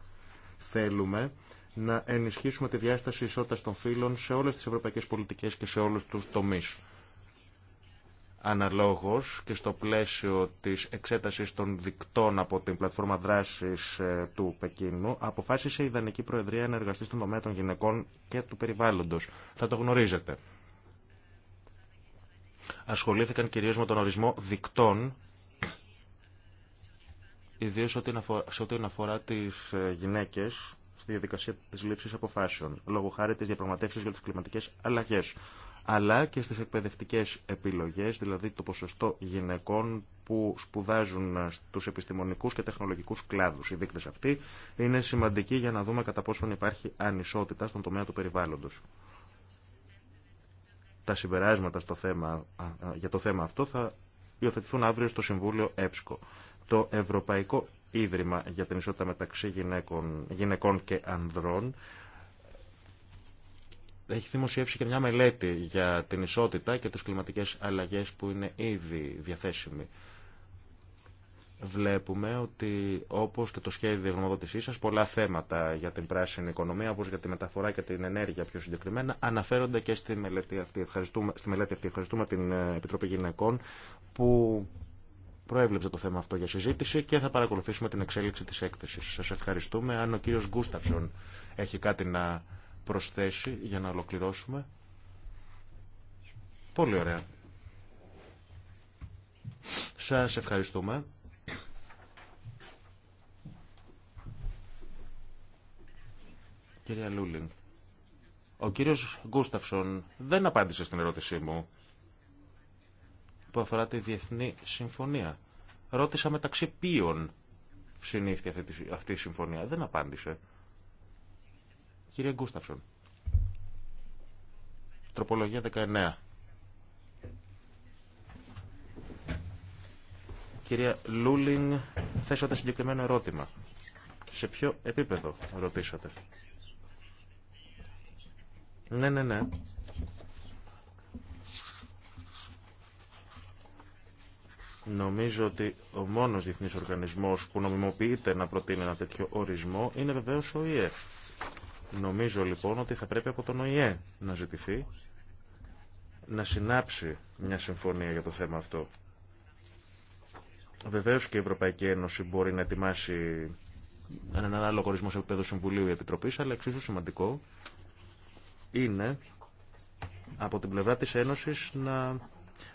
Θέλουμε να ενισχύσουμε τη διάσταση ισότητας των φύλων σε όλες τις ευρωπαϊκές πολιτικές και σε όλους τους τομείς αναλόγως και στο πλαίσιο της εξέτασης των δικτών από την πλατφόρμα δράσης ε, του Πεκίνου, αποφάσισε η Δανική Προεδρία να εργαστεί στον τομέα των γυναικών και του περιβάλλοντος. Θα το γνωρίζετε. Ασχολήθηκαν κυρίως με τον ορισμό δικτών, ιδίως σε ό,τι αφορά τις ε, γυναίκες στη διαδικασία της λήψης αποφάσεων, λόγω χάρη της διαπραγματεύσεως για τις κλιματικές αλλαγές αλλά και στις εκπαιδευτικές επιλογές, δηλαδή το ποσοστό γυναικών που σπουδάζουν στους επιστημονικούς και τεχνολογικούς κλάδους. Οι δείκτες αυτοί είναι σημαντικοί για να δούμε κατά πόσον υπάρχει ανισότητα στον τομέα του περιβάλλοντος. Τα συμπεράσματα στο θέμα, για το θέμα αυτό θα υιοθετηθούν αύριο στο Συμβούλιο ΕΠΣΚΟ. Το Ευρωπαϊκό Ίδρυμα για την Ισότητα μεταξύ γυναικών, γυναικών και ανδρών έχει δημοσιεύσει και μια μελέτη για την ισότητα και τις κλιματικές αλλαγές που είναι ήδη διαθέσιμη. Βλέπουμε ότι όπως και το σχέδιο γνωμοδότησής σας, πολλά θέματα για την πράσινη οικονομία, όπως για τη μεταφορά και την ενέργεια πιο συγκεκριμένα, αναφέρονται και στη μελέτη αυτή. Ευχαριστούμε, στη μελέτη αυτή ευχαριστούμε την ε, Επιτροπή Γυναικών που προέβλεψε το θέμα αυτό για συζήτηση και θα παρακολουθήσουμε την εξέλιξη της έκθεσης. Σας ευχαριστούμε. Αν ο κύριος Γκούσταυσον έχει κάτι να προσθέσει για να ολοκληρώσουμε. Πολύ ωραία. Σας ευχαριστούμε. Κυρία Λούλινγκ, ο κύριος Γκούσταυσον δεν απάντησε στην ερώτησή μου που αφορά τη Διεθνή Συμφωνία. Ρώτησα μεταξύ ποιων συνήθει αυτή, αυτή η συμφωνία. Δεν απάντησε. Κυρία Γκούσταυσον. Τροπολογία 19. Κυρία Λούλινγκ, θέσατε συγκεκριμένο ερώτημα. Σε ποιο επίπεδο ρωτήσατε. Ναι, ναι, ναι. Νομίζω ότι ο μόνος διεθνής οργανισμός που νομιμοποιείται να προτείνει ένα τέτοιο ορισμό είναι βεβαίως ο ΙΕΦ. Νομίζω λοιπόν ότι θα πρέπει από τον ΟΗΕ να ζητηθεί να συνάψει μια συμφωνία για το θέμα αυτό. Βεβαίω και η Ευρωπαϊκή Ένωση μπορεί να ετοιμάσει έναν άλλο κορισμό σε επίπεδο Συμβουλίου ή Επιτροπή, αλλά εξίσου σημαντικό είναι από την πλευρά τη Ένωση να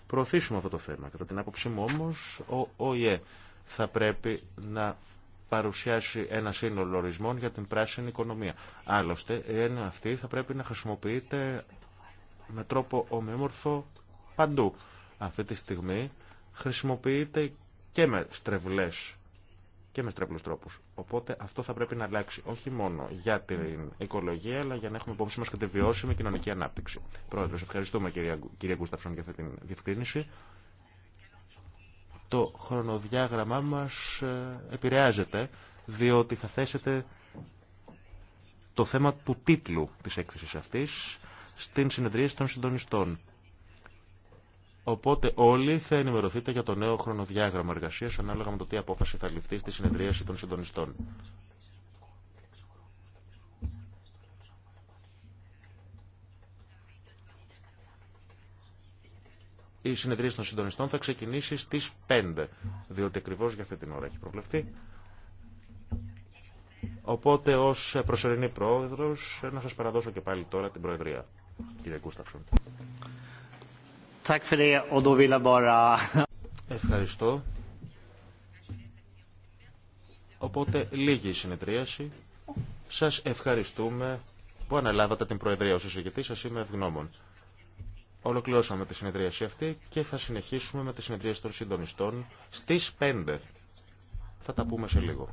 προωθήσουμε αυτό το θέμα. Κατά την άποψή μου όμω ο ΟΗΕ θα πρέπει να παρουσιάσει ένα σύνολο ορισμών για την πράσινη οικονομία. Άλλωστε, η έννοια αυτή θα πρέπει να χρησιμοποιείται με τρόπο ομοίμορφο παντού. Αυτή τη στιγμή χρησιμοποιείται και με στρεβλές και με στρεβλούς τρόπους. Οπότε αυτό θα πρέπει να αλλάξει όχι μόνο για την οικολογία, αλλά για να έχουμε υπόψη μας και τη βιώσιμη κοινωνική ανάπτυξη. Πρόεδρος, ευχαριστούμε κυρία, κύριε για αυτή την διευκρίνηση το χρονοδιάγραμμά μας ε, επηρεάζεται, διότι θα θέσετε το θέμα του τίτλου της έκθεσης αυτής στην συνεδρίαση των συντονιστών. Οπότε όλοι θα ενημερωθείτε για το νέο χρονοδιάγραμμα εργασίας ανάλογα με το τι απόφαση θα ληφθεί στη συνεδρίαση των συντονιστών. η συνεδρίαση των συντονιστών θα ξεκινήσει στις 5, διότι ακριβώ για αυτή την ώρα έχει προβλεφθεί. Οπότε ως προσωρινή πρόεδρος να σας παραδώσω και πάλι τώρα την Προεδρία, κύριε Κούσταξον. Ευχαριστώ. Οπότε λίγη η συνεδρίαση. Σας ευχαριστούμε που αναλάβατε την Προεδρία ως εισηγητή. Σας είμαι ευγνώμων. Ολοκληρώσαμε τη συνεδρίαση αυτή και θα συνεχίσουμε με τη συνεδρίαση των συντονιστών στις 5. Θα τα πούμε σε λίγο.